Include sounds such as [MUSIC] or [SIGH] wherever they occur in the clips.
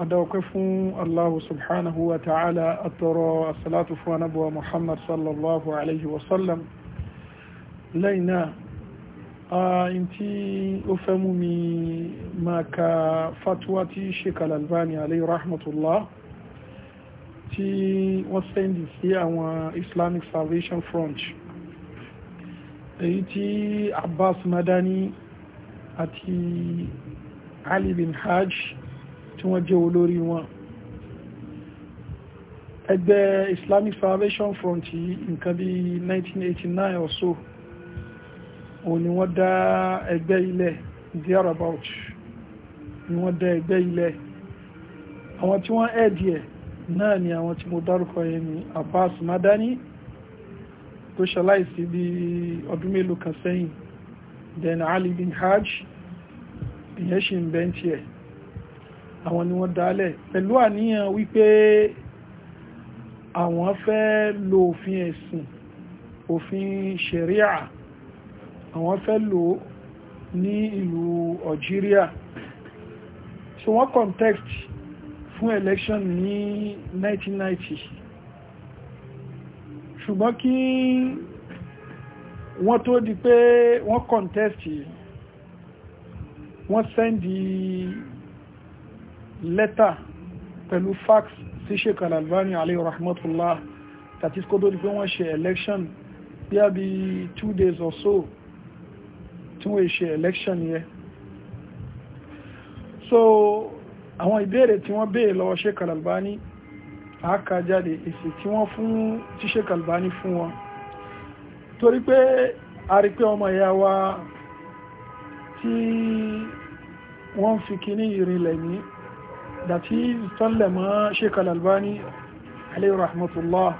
أدوك فون الله سبحانه وتعالى الترى الصلاة فنبوة محمد صلى الله عليه وسلم لينا آه، أنتي أفهمي ما كفتوتي شيخ الألباني عليه رحمة الله تي وصلنا في أو إسلامي سالفيشن فرنش أيتي عباس مدني أتي علي بن حاج tí wọ́n jẹ́ olórí wọn ẹgbẹ́ Islamic Salvation Front yìí nǹkan bí 1989 or so òun ni wọ́n dá ẹgbẹ́ ilẹ̀ about, ni wọ́n dá ẹgbẹ́ ilẹ̀ àwọn tí wọ́n ẹ̀dì ẹ̀ náà ni àwọn tí mo dárúkọ yẹn ni Abbas Madani tó ṣaláìsí bí ọdún mélòó kan sẹ́yìn then Ali bin Hajj ìyẹn ṣì ń bẹ́ntì ẹ̀ àwọn ni wọ́n dálẹ̀ pẹ̀lú àníyàn wípé àwọn fẹ́ lo òfin ẹ̀sìn òfin ṣẹ̀ríà àwọn fẹ́ lò ní ìlú Algeria so wọ́n context fún election ní 1990 ṣùgbọ́n kí wọ́n tó di pé wọ́n contest yìí wọ́n sẹ́ndì lẹ́tà pẹ̀lú fax sí Sheikh Al-Albani alayhi rahmatullah tàbí kó tó di pé wọ́n ṣe election bí a bí two days or so tí wọ́n ṣe election yẹ so àwọn ìbéèrè tí wọ́n béèrè lọ́wọ́ Sheikh Al-Albani àáka jáde èsì tí wọ́n fún tí Sheikh Al-Albani fún wọn torí pé a rí pé ọmọ ìyá wa tí wọ́n fi kíní ìrìnlẹ̀ ní that is tọ́lẹ̀ mọ́ Sheikh Al-Albani alayhi rahmatullah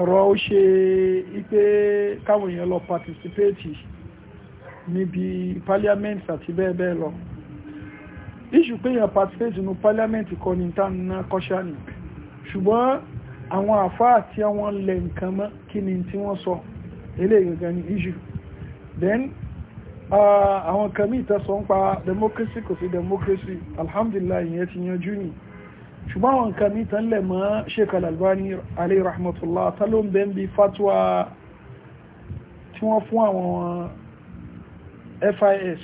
ọ̀rọ̀ ó ṣe ipé káwọn èèyàn lọ participate níbi parliament àti bẹ́ẹ̀ bẹ́ẹ̀ lọ iṣu pé èèyàn participate nínú parliament kọ́ ní tá nínú ni ṣùgbọ́n àwọn àfáà tí wọ́n lẹ̀ nǹkan mọ́ kí ni tí wọ́n sọ eléyìí gangan ni iṣu then àwọn kan ní ìtẹ́sọ̀ ń pa democracy kò sí democracy alhamdulillah ìyẹn ti yanjú ni ṣùgbọ́n àwọn kan ní tẹ́lẹ̀ mọ́ sheik albani alayhi rahmatullah táló ń fatwa tí wọ́n fún àwọn fis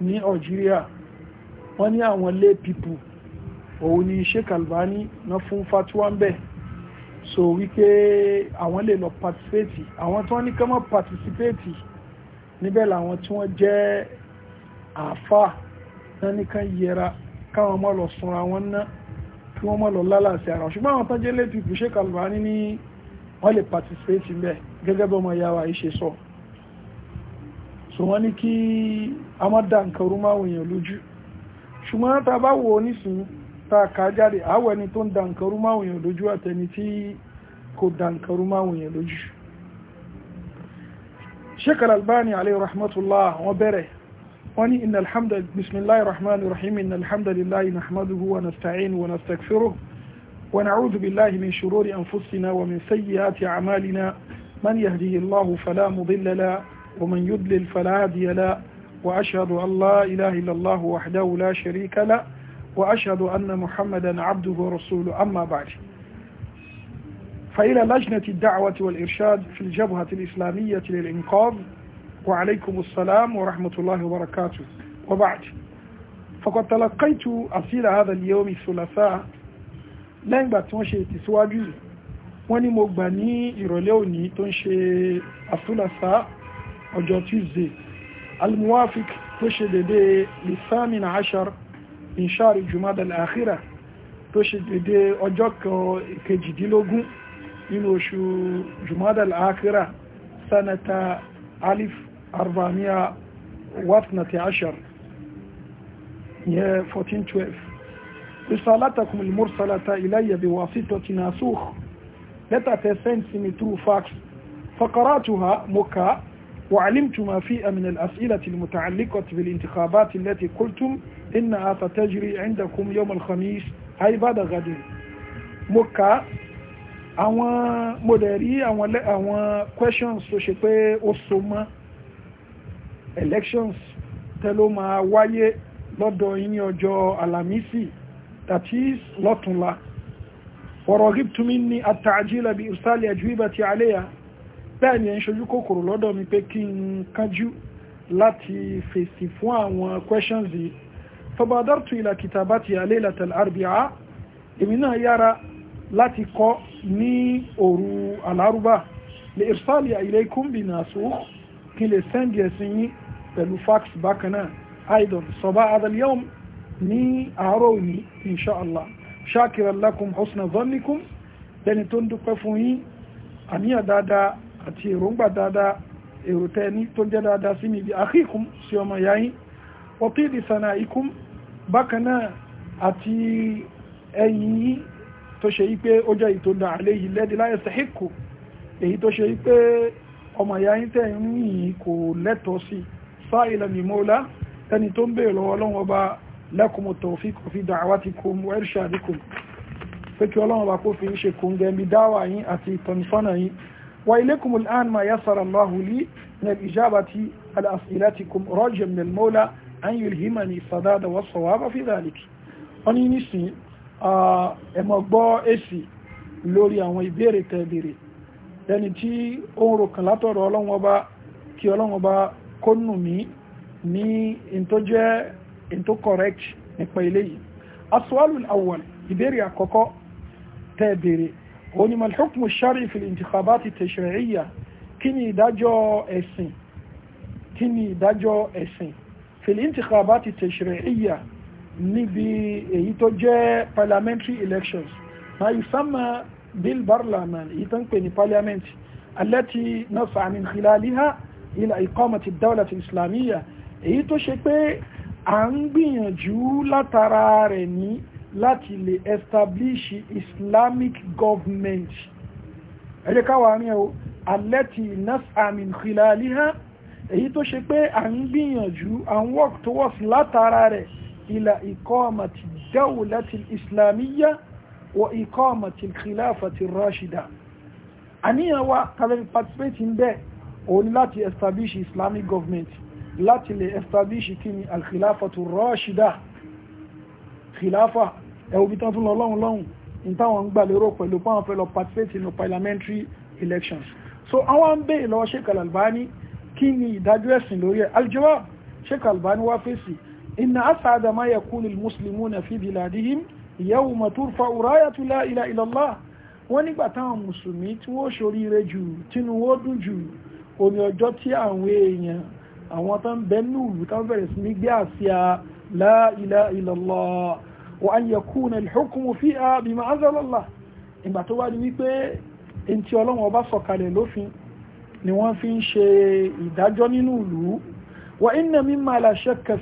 ní algeria wọ́n ní àwọn lay people òun ni sheik albani náà fún fatwa ń so wípé àwọn lè lọ participate àwọn tó ní kọ́ mọ́ participate níbẹ̀ làwọn tí wọ́n jẹ́ àfà náà nìkan yẹra káwọn mọ́ lọ sunra wọn ná kí wọ́n mọ́ lọ lálàsì ara ṣùgbọ́n àwọn tán jẹ́ lẹ́tì ìpìṣẹ́ Kalbani ní wọ́n lè participate ń bẹ̀ gẹ́gẹ́ bọ́mọ ìyá wa yìí ṣe sọ so wọ́n ní kí a má dá nǹkan rú máwùn èèyàn lójú ṣùgbọ́n tá a bá wò ó nísìnyí tá a kà á jáde àwọ̀ ẹni tó ń dá nǹkan rú máwùn èèyàn lójú àtẹni tí kò dá nǹkan rú máwùn èèyàn lójú Sheikh Al-Albani alayhi rahmatullah wọ́n bẹ̀rẹ̀ wọ́n ní inna alhamdu bismillahi rahman rahim inna alhamdulillahi nahmaduhu wa nasta'in wa nastaghfiruh wa na'udhu billahi min shururi anfusina wa min sayyiati a'malina man yahdihillahu fala mudilla la wa man yudlil fala hadiya la wa ashhadu an la ilaha illa Allah wahdahu la sharika la wa ashhadu anna Muhammadan abduhu wa rasuluhu amma ba'd فإلى لجنة الدعوة والإرشاد في الجبهة الإسلامية للإنقاذ وعليكم السلام ورحمة الله وبركاته وبعد فقد تلقيت أصيل هذا اليوم الثلاثاء lẹ́yìn ìgbà tí wọ́n ṣe ìtẹ̀síwájú wọ́n ní mo gbà ní ìrọ̀lẹ́ òní tó ń ṣe àtúnlàsá ọjọ́ tuesday almuwafik tó ṣe dédé lisamin ashar inshari jumada al-akhira tó ṣe dédé ọjọ́ kejìdínlógún nínú oṣù jumadal akira sanata alif arba'amia watnati ashar yẹ 1412 risalatakum al-mursalata ilayya biwasitati nasukh lẹ́tà tẹ́ send sí mi through fax فقراتها مكة وعلمت ما فيها من الأسئلة المتعلقة بالانتخابات التي قلتم إنها ستجري عندكم يوم الخميس أي بعد غد مكة àwọn mo dẹ̀ rí àwọn àwọn questions tó ṣe pé ó so mọ́ elections tẹ́ló máa wáyé lọ́dọ̀ yín ní ọjọ́ alamisi that is lọ́túnla ọ̀rọ̀ gíptúmí ní àtàjílẹ̀ bí ìsàlẹ̀ àjúwíbà ti àléyà bẹ́ẹ̀ ni ẹ̀ ń ṣojú kòkòrò lọ́dọ̀ mi pé kí n kánjú láti fèsì fún àwọn questions yìí fọbàdọ́tù ìlà kìtàbá ti àléyà tẹ̀lẹ̀ àrùbíà èmi náà yára láti kọ́ ní òru alárúbá lè irsali ilaykum bi nasukh kí lè sẹ́ndì ẹ̀sìn yín pẹ̀lú fax bákan náà aidan sọba adalyaum ní àárọ̀ òní inṣàlá shakiran lakum husna zannikum lẹ́ni tó ń dúpẹ́ fún yín àníyàn dáadáa àti èròǹgbà dáadáa èrò tẹ́ ní tó jẹ́ dáadáa sí níbi akhikum sí ọmọ ìyá yín wọ́pídì sanaikum bákan náà àti ẹ̀yìn yín tó ṣe yí pé ó jẹ́ èyí tó dá àléyìí lẹ́dí láyé sẹ́hìkù èyí tó ṣe yí pé ọmọ ìyá yín tẹ̀ ń yìn kò lẹ́tọ̀ọ́ sí sáìlẹ̀ mìmọ́lá ẹni tó ń bèèrè lọ́wọ́ ọlọ́run ọba lẹ́kùnmọ̀ tọ̀fí kò fi dàwà ti kò mú ẹ̀rṣà àdíkùn pé kí ọlọ́run ọba kó fi ṣe kò ń gẹ̀mí dáwà yín àti ìtọ̀nisọ́nà yín ẹ̀mọ̀ gbọ́ èsì lórí àwọn ìbéèrè tẹ̀bèrè lẹ́ni tí ó ń rò kàn látọ̀rọ̀ ọlọ́run ọba kí ọlọ́run ọba kó nù mí ní ìntó jẹ́ ìntó correct nípa eléyìí aswalul awwal ìbéèrè àkọ́kọ́ tẹ̀bèrè òní mal hukmu shari fil intikhabati tashri'iyya kí ni ìdájọ́ ẹ̀sìn kí ni ìdájọ́ ẹ̀sìn fil intikhabati níbi èyí tó jẹ́ parliamentary elections ma yusamma bil barlaman èyí tó ń pè ní parliament allati nas'a min khilaliha ila iqamati ad-dawlati al-islamiyya èyí tó ṣe pé à ń gbìyànjú látara rẹ̀ ní láti lè establish islamic government ẹ jẹ́ ká wá ní o allati nas'a min khilaliha èyí tó ṣe pé à ń gbìyànjú à work towards látara rẹ̀ إلى إقامة الدولة الإسلامية وإقامة الخلافة الراشدة أني أوا كذا participate in there òun láti establish Islamic government láti lè establish kíni al-khilafa tó rọ́ṣídà khilafa ẹ̀wọ̀bí tán tún lọ lọ́hun lọ́hun in táwọn ń gbà lérò pẹ̀lú pàwọn fẹ́ lọ participate inú parliamentary elections so àwọn ń bèèrè lọ́wọ́ Sheikh Al-Albani kí ni ìdájọ́ ẹ̀sìn lórí ẹ̀ al-jawab Sheikh Al-Albani wá fèsì إن أسعد ما يكون المسلمون في بلادهم يوم ترفع راية لا إله إلا الله wọ́n nígbà táwọn mùsùlùmí tí wọ́n ṣoríire jù tínú wọ́n dùn jù òní ọjọ́ tí àwọn èèyàn àwọn tó ń bẹ ní ìlú tó ń bẹ̀rẹ̀ sí ní gbé àsíá la ilaha illallah wa an yakuna al-hukmu fiha bima anzala Allah ìgbà tó wá ní wípé ẹni tí Ọlọ́run ọba sọ̀kalẹ̀ lófin ni wọ́n fi ń ṣe ìdájọ́ nínú ìlú wa inna mimma la shakka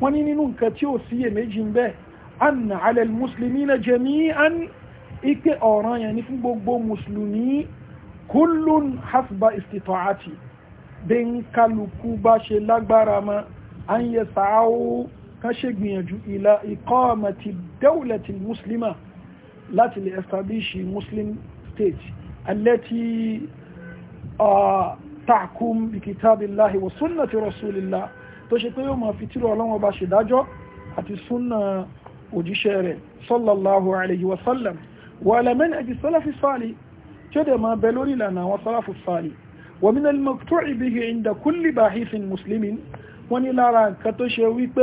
wọ́n ní nínú nǹkan tí ó síyè méjì ń bẹ́ anna alal muslimina jami'an ipe ọ̀ràn yẹn ni fún gbogbo mùsùlùmí kullun hasba istita'ati bí n kálukú bá ṣe lágbára ma an yẹ sàáwó kan ṣe gbìyànjú ila iqamati dawlati muslima láti lè establish muslim state allati uh, ta'kum bi kitabillahi wa sunnati rasulillah tó ṣe pé yóò máa fi tírà ọlọ́wọ́n bá ṣèdájọ́ àti súnà òjíṣẹ́ rẹ̀ sallallahu alayhi wa sallam wa ala manhaji salafi salih tí ó dẹ̀ máa bẹ lórí ìlànà àwọn salafu salih wa min al-maqtu'i bihi inda kulli bahithin muslimin wọ́n ní lára nǹkan tó ṣe wípé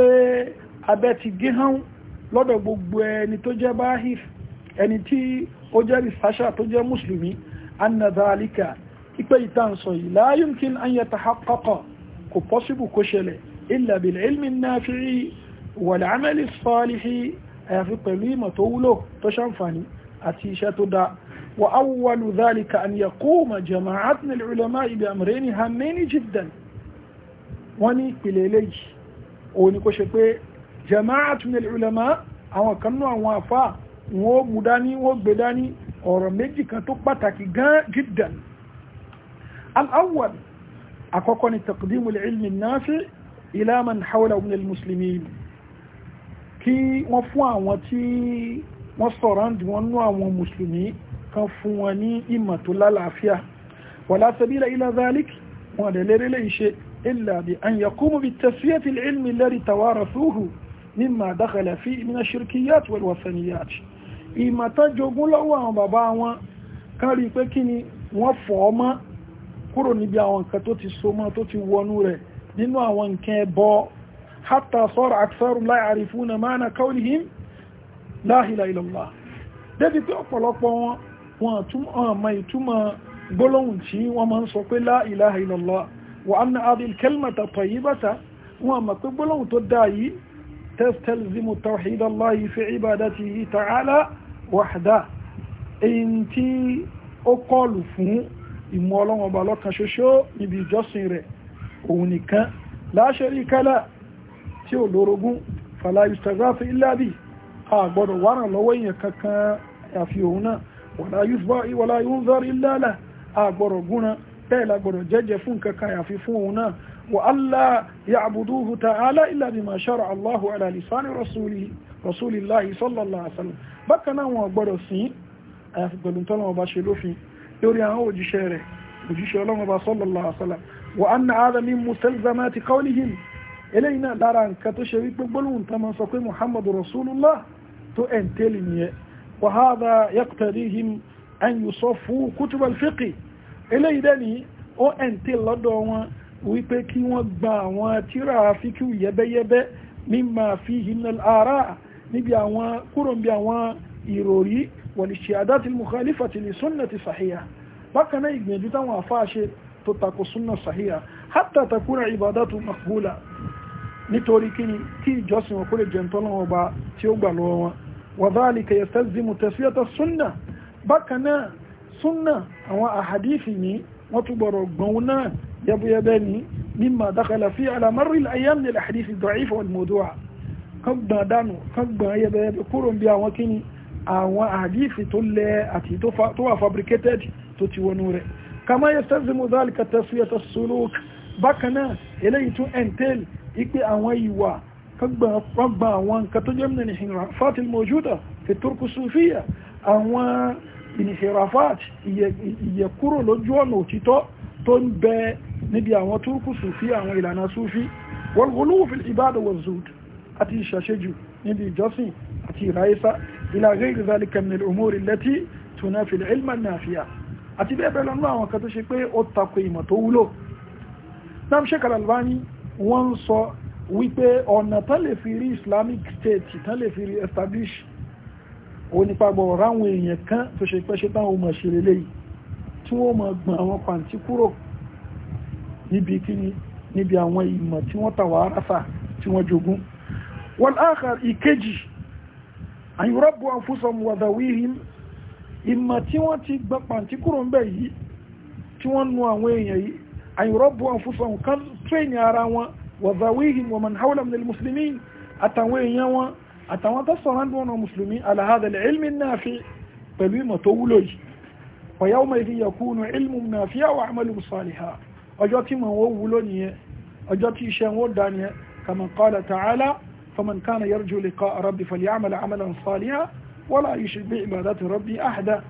abẹ́ ti gé hán lọ́dọ̀ gbogbo ẹni tó jẹ́ bahith ẹni tí ó jẹ́ rìsáṣà tó jẹ́ mùsùlùmí anna ipe ìtànsọ yìí la yumkin an kò pọ́síbù kó ṣẹlẹ̀ إلا بالعلم النافع والعمل الصالح أيافي قليمة طوله تشنفاني أتيشة دا وأول ذلك أن يقوم جماعتنا العلماء بأمرين هامين جدا وني كليلي وني كوشكوي من العلماء أو كانوا وافا ومداني وبداني ورمجي كانتو باتاكي جدا الأول أكوكوني تقديم العلم النافع ila man hawla min al-muslimin kí wọ́n fún àwọn tí wọ́n surround wọn nú àwọn mùsùlùmí kan fún wọn ní ìmọ̀ tó lálàáfíà wala sabila ila dhalik wọn dẹ̀ lérí lè ṣe illa bi an yaqumu bi tasfiyati al-ilmi alladhi tawarathuhu mimma dakhala fihi min ash-shirkiyat wal wathaniyat kúrò níbi àwọn nǹkan tó ti so mọ́ tó ti wọnú rẹ̀ nínú àwọn nǹkan ẹbọ hátà sọ́rọ̀ àkṣọ́rùn la ya'rifuna ma'na qawlihim la ilaha illallah débi pé ọ̀pọ̀lọpọ̀ wọn wọn àmà ìtumọ̀ gbólóhùn tí wọ́n máa ń sọ pé la ilaha illallah wa anna adil kalmata الله في عبادته تعالى وحده انتي اقول فون ìmọ̀ ọlọ́run ọba ìjọsìn rẹ̀ òun nìkan la sharika la tí ò lórogún fala yustaghithu illa bi àgbọ̀dọ̀ wárán lọ́wọ́ èèyàn kankan àfi òun náà wala yusba'u wala yunzar illa la àgbọ̀dọ̀ gúnran bẹ́ẹ̀ lágbọ̀dọ̀ jẹ́jẹ́ fún kankan àfi fún òun náà wa alla ya'buduhu ta'ala illa bima shara'a Allahu ala lisani rasulihi rasulillahi wà á nà áàdà min mustalzamati qawlihim eléyìí náà lára nǹkan tó ṣe wípé gbólóhùn tán máa sọ pé muhammadu rasulullah tó ẹ̀ǹtẹ́lì nìyẹn wà á dà yaqtadihim an yusaffu kutubal fiqh eléyìí dẹ́ni ó ẹ̀ǹtẹ́ lọ́dọ̀ wọn wípé kí wọ́n gba àwọn tíra fíkú yẹ́bẹ́yẹ́bẹ́ mímọ̀ fi hinal ara níbi àwọn kúrò níbi àwọn ìròrí wal ishtihadat al mukhalifati li sunnati sahiha bákan náà ìgbìyànjú táwọn àfáà tó takò súnà sàhíà hátà takúrà ìbádátù makbúlà nítorí kíni kí ìjọsìn wọn kó lè jẹun tọ́lọ́wọ́ ọba tí ó gbà lọ́wọ́ wọn wàzáàlì kẹyẹ sẹ́zìmù tẹ̀síọ́tà súnà bákan náà súnà àwọn àhàdífì ní wọ́n tún gbọ́rọ̀ gbọ́n náà yẹ́búyẹ́bẹ́ ní mímọ̀ dákàlà fi àlàmárì àyàm ní àhàdífì dọ̀ífọ̀ mọ̀dọ́wà kan gbọ́n dànù kan gbọ́n yẹ́bẹ́yẹ́bẹ́ kúrò bí àwọn kíni àwọn àhàdífì tó lẹ́ àti fabricated tó ti wọnú kama yastazimu dhalika tasfiyata suluk bákan náà eléyìí tún entail ipe àwọn ìwà kọgbà àwọn nǹkan tó jẹ́ mìíràn inhirafat al-mawjuda fi turku sufiya àwọn inhirafat ìyẹ̀kúrò lójú ọ̀nà òtítọ́ tó ń bẹ níbi àwọn turku sufiya àwọn ìlànà sufi wal ghuluw fil ibada wa zuhd àti ìṣàṣejù níbi ìjọsìn àti ìráyésá ila ghayri dhalika min al-umuri allati tunafi al-ilma àti bẹ́ẹ̀ bẹ́ẹ̀ lọ́nà àwọn kan tó ṣe pé ó tako ìmọ̀ tó wúlò náà wọ́n ń sọ wípé ọ̀nà tán lè fi rí Islamic State tán lè fi rí establish onípagbọ̀ ráwọn èèyàn kan tó ṣe pẹ́ ṣe táwọn ọmọ ṣe lélẹ́ yìí tí wọ́n mọ̀ gbọ́n àwọn pàǹtí kúrò níbi kíni níbi àwọn ìmọ̀ tí wọ́n tàwà aráfà tí wọ́n jogún wal akhar ìkejì ìmọ̀ tí wọ́n ti gbọ́ pàǹtí kúrò ń bẹ̀ yìí tí wọ́n nu àwọn èèyàn yìí àyìnrọ́bù àǹfùfà nǹkan tírẹ̀nì ara wọn wàzàwíhì wọ̀mọ̀n haúlà mìíràn mùsùlùmí àtàwọn èèyàn wọn àtàwọn tó sọ̀rọ̀ ń dùn mùsùlùmí alahadàlẹ̀ ilmi náàfi pẹ̀lú ìmọ̀ tó wúlò yìí ọ̀yá ọmọ ìdí yakunu ilmu náàfi àwọn àmàlù musaliha ọjọ́ tí mọ̀ wọ́n wúlò nìyẹn ọjọ́ tí iṣẹ́ wọn dá nìyẹn kàmà qala ta'ala faman kana yarju liqa rabbi faly'amal amalan salihan ولا يشرك بعبادة ربي أحدا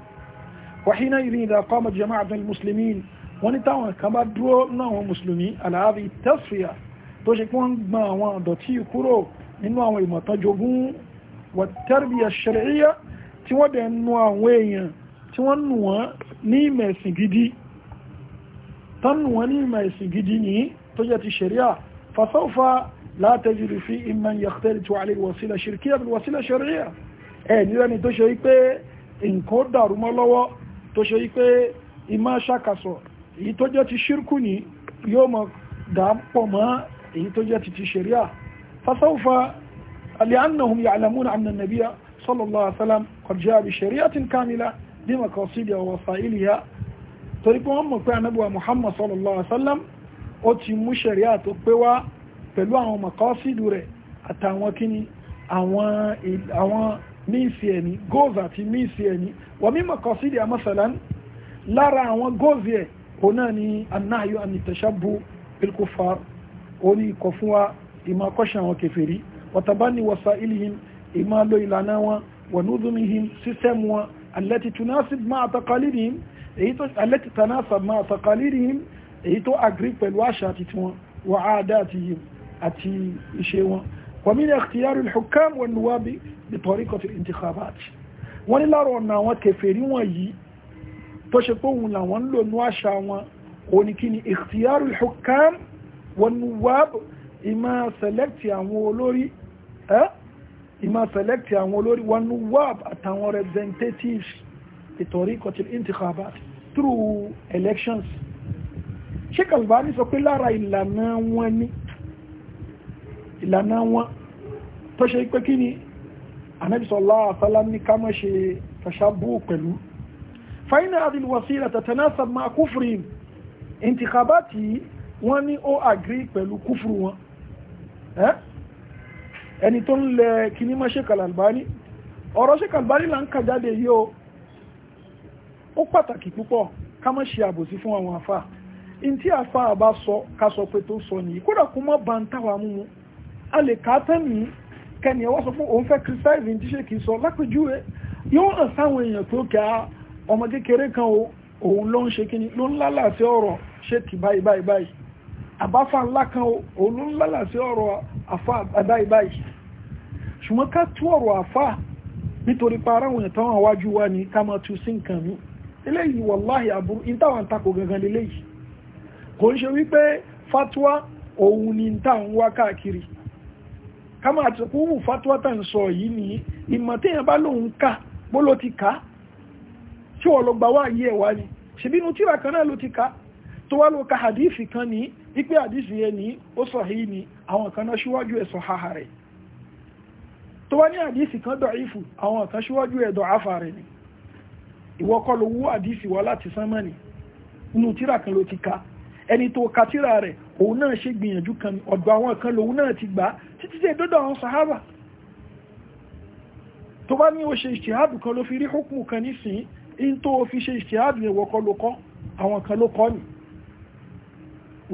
وحينئذ إذا قامت جماعة المسلمين ونتاوى كما درو نوع مسلمين على هذه التصفية توجيكون ما دوتي كورو من نوع المتجبون والتربية الشرعية تودى نوع وين تونوى نيمة سجدي تنوى نيمة سجدي توجيكي الشريعة فسوف لا تجد في من يختلط عليه وسيلة شركية بالوسيلة الشرعية ẹ̀ẹ́dìrẹ́ni tó ṣe wípé nǹkan ó dàrú mọ́ lọ́wọ́ tó ṣe wípé ìmá ṣàkàsọ̀ èyí tó jẹ́ ti ṣírkù ní yóò mọ̀ dàápọ̀ mọ́ èyí tó jẹ́ ti ti ṣẹ̀ríà fasaufa aliannahum ya'lamuna anna nabiyya sallallahu alaihi wasallam qad jaa bi shari'atin kamila bi maqasidiha wa wasa'iliha sallallahu àtàwọn kíni àwọn míìsì ẹni góòzù àti míìsì ẹni wà mímọ̀ kọ́ sídìí àmọ́sàlán lára àwọn góòzù ẹ̀ kò náà ni anáyọ anìtẹ̀sábù ilkufar orí ikọ̀ fún wa ìmọ̀ akọ́ṣẹ́ àwọn kẹfẹ́rí wàtàbáni wasa ilihim ìmọ̀ lo ìlànà wọn wọnúdúnihim sísẹ́mù wọn alẹ́tì tunasib máa taqalidihim èyí tó alẹ́tì tanasab máa taqalidihim èyí tó agri pẹ̀lú àṣà àti tiwọn wà á dá àti ìṣe wọn ومن اختيار الحكام والنواب بطريقة الانتخابات wọ́n ní láàrọ̀ ọ̀nà àwọn kèfèrí wọ̀nyí tó ṣe pé òun làwọn ń lò ní àṣà wọn oníkíni ìkìyàrù hukam wan-nuwab ìmá sẹlẹ́kì àwọn olórí ìmá sẹlẹ́kì àwọn olórí wan-nuwab àtàwọn representatives bitorikati intikhabat through elections Sheikh Albani sọ pé lára ìlànà wọn ni ìlànà wọn tó ṣe pé kí ni Ànábì sallallahu alaihi wasallam ní ká má ṣe tashabbu pẹ̀lú fa inna hadhihi al-wasila tatanasab ma'a kufrihim intikhabati wọ́n ní ó àgírí pẹ̀lú kúfùrù wọn ẹni tó ń lẹ kíní mọ́ Sheikh Al-Albani ọ̀rọ̀ Sheikh Al-Albani là ń kà jáde yìí o ó a lè ká tán ní kẹ́ni ẹ̀ wá sọ pé òun fẹ́ criticize ní tíṣe kìí sọ lápèjúwe yóò hàn sáwọn èèyàn tó kẹ́ ọmọ kékeré kan o òun ló ń ṣe kíni ló ń lálàsí ọ̀rọ̀ ṣé kì báyìí báyìí báyìí àbáfà ńlá kan o òun ló ń lálàsí ọ̀rọ̀ àfà àbáyìí báyìí ṣùgbọ́n ká tú ọ̀rọ̀ àfà nítorí pa wọn táwọn àwájú wa ní ká máa tú sí nǹkan mi eléyìí wàláhì àbúrú ní táwọn àtakò gangan lélẹ́yìí kò ń ṣe wípé fatwa òun ni táwọn wá káàkiri Kama àti kúrú fatuwa tá ń sọ yìí ni ìmọ̀ téèyàn bá lòun ká bó ló ti ká tí wọ́n lọ gbà wá yí ẹ̀ wá ni ṣèbí inú tíra kan náà ló ti ká tó wá ló ka hadithi kan ní ipe hadithi yẹn ní ó sọ yìí ni àwọn kan náà ṣíwájú ẹ̀ sọ haha rẹ̀ tó wá ní hadithi kan dọ̀ífù àwọn kan ṣíwájú ẹ̀ dọ̀áfà rẹ̀ ni ìwọ ló wú hadithi wá láti sánmọ́ ni inú tíra kan ló ti ká ẹni tó katira rẹ̀ òun náà ṣe gbìyànjú kan ọ̀dọ̀ àwọn kan lòun náà ti gbà títí dé dọ́dọ̀ àwọn sahaba tó bá ní o ṣe ìṣẹ́hàdù kan ló fi rí hukumu kan nísìn in tó fi ṣe ìṣẹ́hàdù yẹn wọ́kọ́ ló kọ́ àwọn kan ló kọ́ ni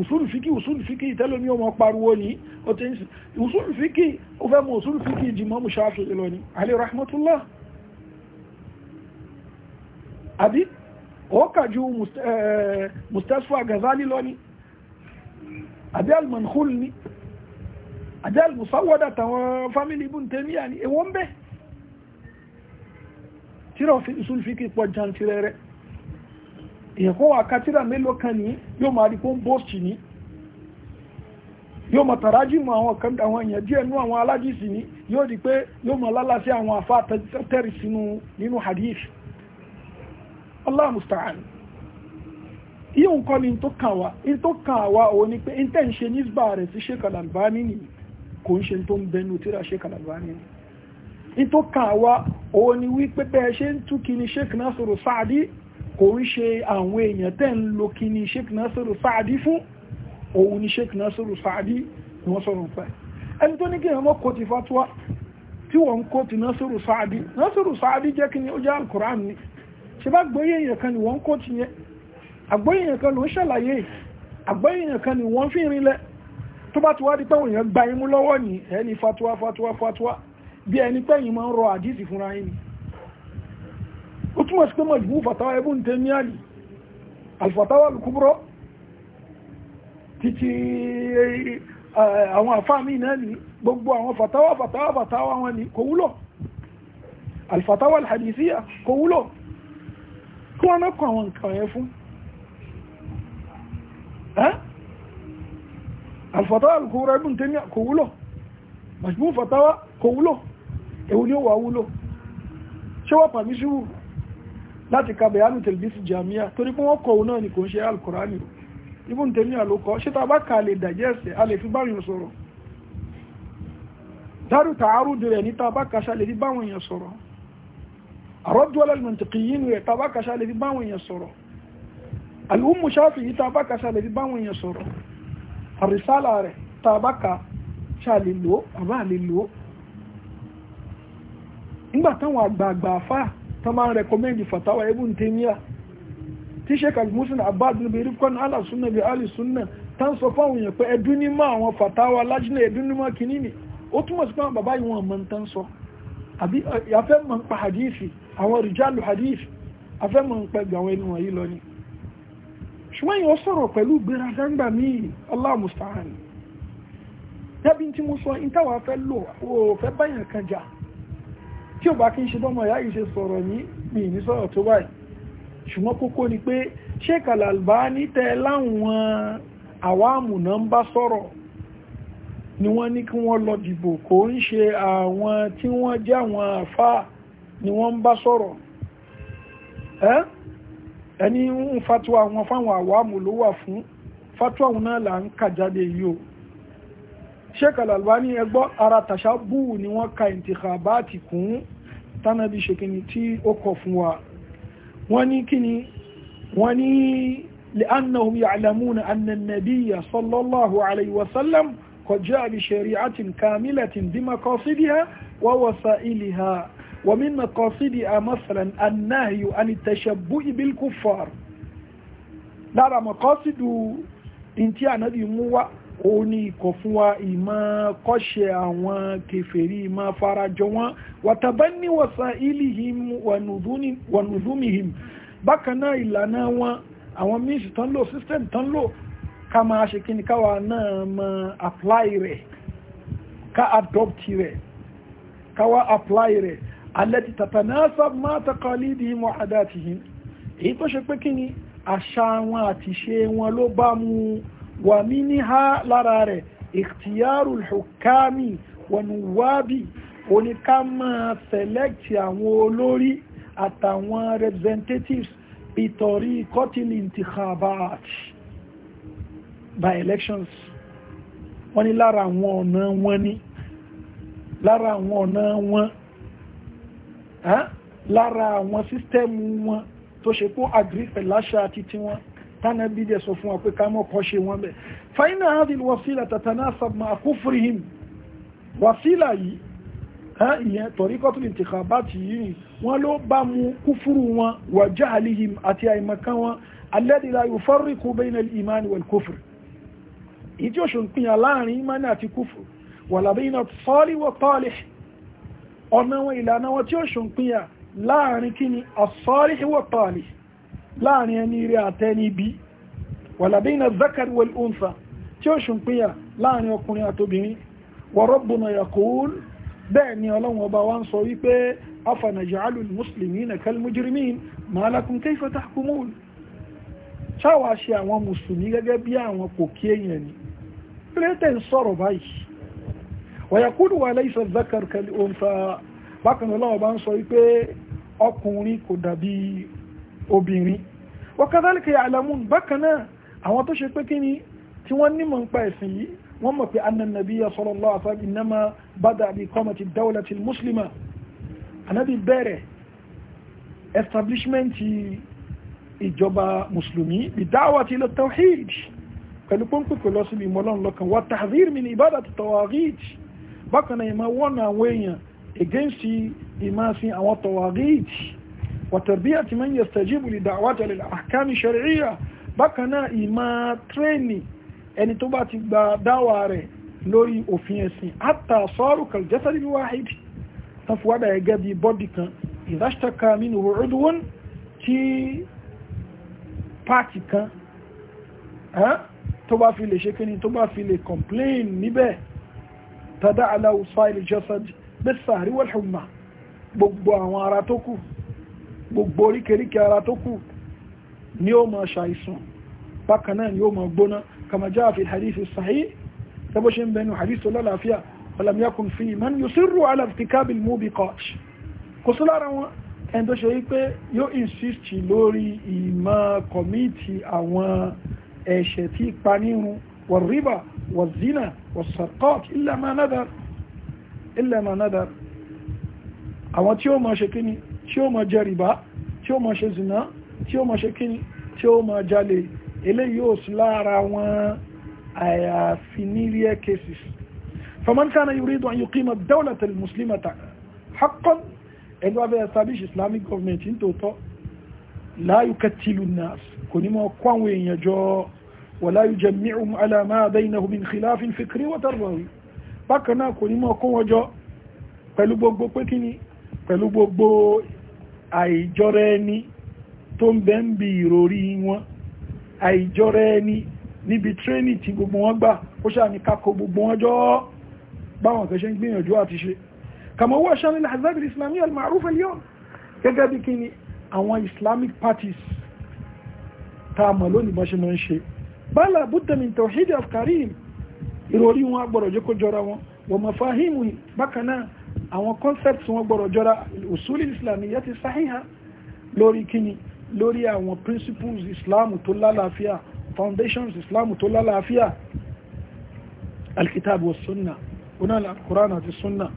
usulufiki usulufiki ìtẹ́lómi ọmọ pariwo ni ó ti ń sìn usulufiki ó fẹ́ mọ usulufiki ìdìmọ́ musafi lọ ni alẹ́ rahmatullah ó kàjú eh, mustasfa gazali lọ́ní àbí almanhul ni àbí almusawada tàwọn fámílì ibùn tèmíyà ni èwọ́n bẹ́ tíra òfin ìsúlfíkì pọ̀ jantirẹrẹ èyàn kó wà ká tíra mélòó kan ní yóò máa rí kó ń bọ́ọ̀sì ní yóò mọ̀ tàrájì mọ̀ àwọn kan àwọn èèyàn díẹ̀ nú àwọn alájìsì ní yóò di pé yóò mọ̀ lálàsí àwọn àfáà tẹ́rì sínú nínú hadith Allah musta'an yíò ń kọ́ ni tó kàn wá in tó kàn wá òun ni pé in tẹ́ ń ṣe nísbà rẹ̀ sí Sheikh Al-Albani ni kò ń ṣe tó ń bẹnu tíra Sheikh Al-Albani ni in tó kàn wá òun ni wípé bẹ́ẹ̀ ṣe ń tú kí ni Sheikh Nasiru Sa'di kò ń ṣe àwọn èèyàn tẹ́ ń lo kí ni Sheikh Nasiru Sa'di fún òun ni Sheikh Nasiru Sa'di ni wọ́n sọ̀rọ̀ pẹ́ ẹni tó ní kí ẹ̀mọ́ kò ti fatuwa tí wọ́n kò ti Nasiru Sa'di Nasiru Sa'di jẹ́ kí ni ó jẹ́ al ni ṣe bá èèyàn kan ni wọ́n ń kó ti yẹn àgbóyè èèyàn kan ló ń ṣàlàyé àgbóyè èèyàn kan ni wọ́n fi rinlẹ̀ tó bá ti wá di pé èèyàn gba imú lọ́wọ́ ni ẹni fatuwa fatuwa fatuwa bí ẹni pé yìí máa ń rọ àdísì fúnra yín ni ó túmọ̀ sí pé mọ̀ ìbú fatawa ibùn tẹ́míàlì alfatawa lùkúbúrọ́ títí àwọn àfáàmì náà ni gbogbo àwọn fatawa fatawa fatawa wọn ni kò wúlò alfatawa alhadisiya kò wúlò kí wọ́n náà kọ àwọn nǹkan yẹn fún alfatawa alkubra ibn taymiya kò wúlò majmu fatawa kò wúlò èwo ni ó wà wúlò ṣé wọ́n pàmí sí wù láti ka bayanu tẹlifísì jamiya torí pé wọ́n kọ òun náà ni kò ń ṣe alkùránì ibn taymiya ló kọ ṣé bá kà lè dàjẹ́ ẹsẹ̀ a lè fi bá yín sọ̀rọ̀ dárú tààrù dìrẹ̀ ní bá kà lè fi bá wọn yẹn sọ̀rọ̀ àrọ́jú alẹ́lùmọ̀ntìkìyìn rẹ̀ tàbákàṣà lè fi báwọn èèyàn sọ̀rọ̀ alùmù ṣáfìyí tàbákàṣà lè fi báwọn èèyàn sọ̀rọ̀ àrísálà rẹ̀ tàbákàṣà lè lò àbá lè lò nígbà táwọn àgbààgbà afá tán máa ń rẹkọmẹ́ndì fatawa ibùn tèmíà tí sheik al-musin abad níbi rifkan alasunna bi alisunna tán sọ fáwọn èèyàn pé ẹdún ní mọ́ àwọn fatawa lájínà ẹdún ní mọ́ kìíní ó túmọ̀ sí pé àwọn bàbá yìí wọn mọ̀ ń tán sọ àbí yàfẹ́ mọ̀ ń pa hadisi àwọn rìjálù hadith afẹ́mọ̀ ń pẹ́ gbàwọn ẹni wọ̀nyí lọ ni ṣùgbọ́n yóò sọ̀rọ̀ pẹ̀lú gbéraga ńgbà míì Allah musta'an dábí tí mo sọ ìtawà fẹ́ lò ó fẹ́ báyàn kan jà tí ò bá kí n ṣe dọ́mọ ìyá ṣe sọ̀rọ̀ ní mi ní sọ̀rọ̀ tó báyìí ṣùgbọ́n kókó ni pé albani tẹ láwọn àwáàmù náà ń bá sọ̀rọ̀ ni wọ́n ní kí wọ́n lọ ni wọ́n ń bá sọ̀rọ̀ ẹni ń fatuwa wọn fáwọn àwàmù ló wà fún fatuwa wọn náà là ń kà jáde yìí o Sheikh Al-Albani ẹgbọ́ ara tàṣà búù ni wọ́n ka intikhabati kún tánàbí ṣèkìní tí ó kọ̀ fún wa wọ́n ní kíni wọ́n ní لأنهم يعلمون أن النبي صلى الله عليه وسلم قد جاء بشريعة كاملة بمقاصدها ووسائلها ومن مقاصدها مثلا النهي عن التشبه بالكفار lára maqasidu انت ànábì mú wá ó ní ìkọ̀ fún wa ìmọ̀ kọ́ṣẹ́ àwọn kèfèrí ìmọ̀ farajọ wọn watabanni wasailihim wa nuzumihim bákan náà ìlànà wọn àwọn míìsì tán lò system tán lò ká máa ṣe kí ni káwa náà apply rẹ̀ ká adopt rẹ̀ káwa apply rẹ̀ alẹ́tì tatanasab ma taqalidihim wa adatihim èyí tó ṣe pé kí ni àṣà wọn àti ṣe wọn ló bá mu wà mí ní ha lára rẹ̀ ikhtiyaru al-hukami wa oníká máa sẹ̀lẹ́kì àwọn olórí àtàwọn representatives ìtọ̀rí kọ́tìlì intikhabat by elections wọ́n ní lára àwọn ọ̀nà wọn ní lára àwọn ọ̀nà wọn lára àwọn sísítẹ́mù wọn tó ṣe kó àgírífẹ̀ láṣà àti tiwọn tánà bí dẹ̀ sọ fún wa pé ká mọ́ kọ́ ṣe wọn bẹ̀. fàyínà hadil wasila tatanasab ma kufrihim wasila yìí ìyẹn tọ̀ríkọ́tù intikhabati yìí wọ́n ló bá mu kúfúrú wọn wa jahlihim àti àìmọ̀kan wọn alladhi la yufarriqu bayna al-imani wal-kufr ìdí òṣùn pinya láàrin imani àti kúfúrú wala bayna as-salih wa ọ̀nà wọn ìlànà wọn tí ó ṣùnpínyà láàrin kí ni asọ́rí ìwọ̀pàálì láàrin ẹni rí àtẹni bí wàlàbí na zakari wal unsa tí ó ṣùnpínyà láàrin ọkùnrin àtobìnrin wa rabbuna yaqul bẹ́ẹ̀ ni ọlọ́run ọba wa ń sọ wípé afanaj'alul muslimina kal mujrimin ma lakum kayfa tahkumun ṣáwàá wọ̀yàkúrù wà lẹ́yìn zakar kẹlẹ̀ òǹfà bákan ọlọ́wọ́ bá ń sọ wípé ọkùnrin kò dàbí obìnrin wọ́kadàlìkẹ́ alamun bákan náà àwọn tó ṣe pé kí ni tí wọ́n nímọ̀ ń pa ẹ̀sìn yìí wọ́n mọ̀ pé anànàbí sallallahu alaihi wasallam innama bada bi qamati dawlati muslima anabi bẹ̀rẹ̀ establishment ìjọba bákan náà ìmọ̀ wọ́nà àwọn èèyàn against ìmọ̀ sí àwọn tọ̀wàríìtì wàtàbíyà tí man yastajibu li da'wati lil ahkami shar'iyya bákan náà ìmọ̀ tírẹ́nì ẹni tó bá ti gba dáwà rẹ̀ lórí òfin ẹ̀sìn hatta saru kal jasadi wahid tán fi wádà eh, níbẹ̀ tàdá aláwọ̀ sáìlì jasad bẹ́sàárì wọ́lhùnmá gbogbo àwọn ara tó kù gbogbo oríkèríkè ara tó kù ni ó máa ṣàìsàn bákan náà ni ó máa gbóná kàmájá àfi hadithi sahih tẹ́bó ṣe ń bẹnu hadith olólàáfíà ọlàmíyàkùn fi ìmán yóò sí rú alàfikábì mubiqat kò sí lára wọn ẹni tó ṣe wípé yóò insist lórí ìmọ̀ kọ̀míìtì àwọn ẹ̀ṣẹ̀ tí ìpanírun والربا والزنا والسرقات إلا ما نذر إلا ما نذر àwọn tí ó máa ṣe kíni tí ó máa jẹ rìbá tí ó máa ṣe zina tí ó máa ṣe kíni tí ó máa jalè eléyìí yóò sí lára wọn àyàfi ní rare cases فمن كان يريد أن يقيم الدولة المسلمة حقا ẹni wá fẹ́ establish Islamic government ní tòótọ́ لا يكتل الناس kò ní mọ́ kó àwọn èèyàn jọ ولا يجمعهم على ما بينه من خلاف فكري وتربوي bákan náà kò ní mọ́ kó wọn jọ pẹ̀lú gbogbo pé kí ni pẹ̀lú gbogbo àìjọra ẹni tó ń bẹ ń bi ìròrí wọn àìjọra ẹni níbi tírénì tí gbogbo wọn gbà ó ṣàní kakọ gbogbo wọn jọ báwọn kan ṣe ń gbìyànjú àti ṣe kàmọ́ owó ṣan al-ahzab al-islamiyya al-ma'rufa al-yawm gẹ́gẹ́ bí kí ni àwọn islamic parties tá a mọ̀ lónìí bá ṣe máa ń bala budda min tawhid afkarihim ìròrí wọn gbọ́dọ̀ jẹ́ kó jọra wọn wa mafahimu bákan náà àwọn concepts wọn gbọ́dọ̀ jọra usuli islamiyyati sahiha lórí kíni lórí àwọn principles islam tó lálàáfíà foundations islam tó lálàáfíà alkitab wa sunna oná al-qur'an àti sunna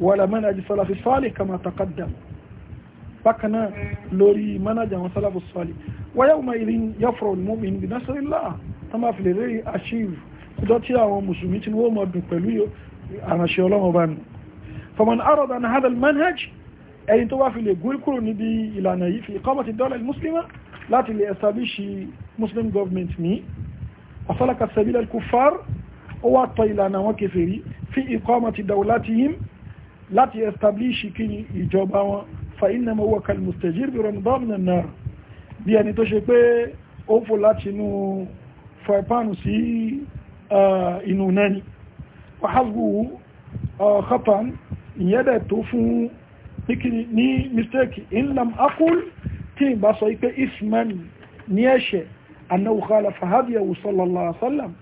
wala manhaj salafi salih kama taqaddam bákan náà lórí manhaj àwọn salafi salih wa yawma idhin yafrahu al-mu'min bi nasrillah tán bá fi lè rí achieve ọjọ́ tí àwọn mùsùlùmí tí wọ́n mọ̀ dùn pẹ̀lú àránṣẹ́ ọlọ́run bá nù faman arada an hadha al-manhaj ẹni tó wá fi lè gúrí kúrò níbi ìlànà yìí fi iqamati ad-dawla al láti lè establish muslim government ní asalaka sabila al-kuffar ó wá tọ ìlànà wọn kèfèrí fi iqamati dawlatihim láti establish kíni ìjọba wọn fa innama huwa kal mustajir bi ramadan an bí ẹni tó ṣe pé ó fò látinú fọ ẹ̀pánù sí inú náà ni wàhálù ọ̀kọ́pán ìyẹn dẹ̀ tó fún ní mistake inlam akul tí ìbá sọ pé isman ní ẹ̀ṣẹ̀ annahu khalafa hadiyahu sallallahu alaihi wasallam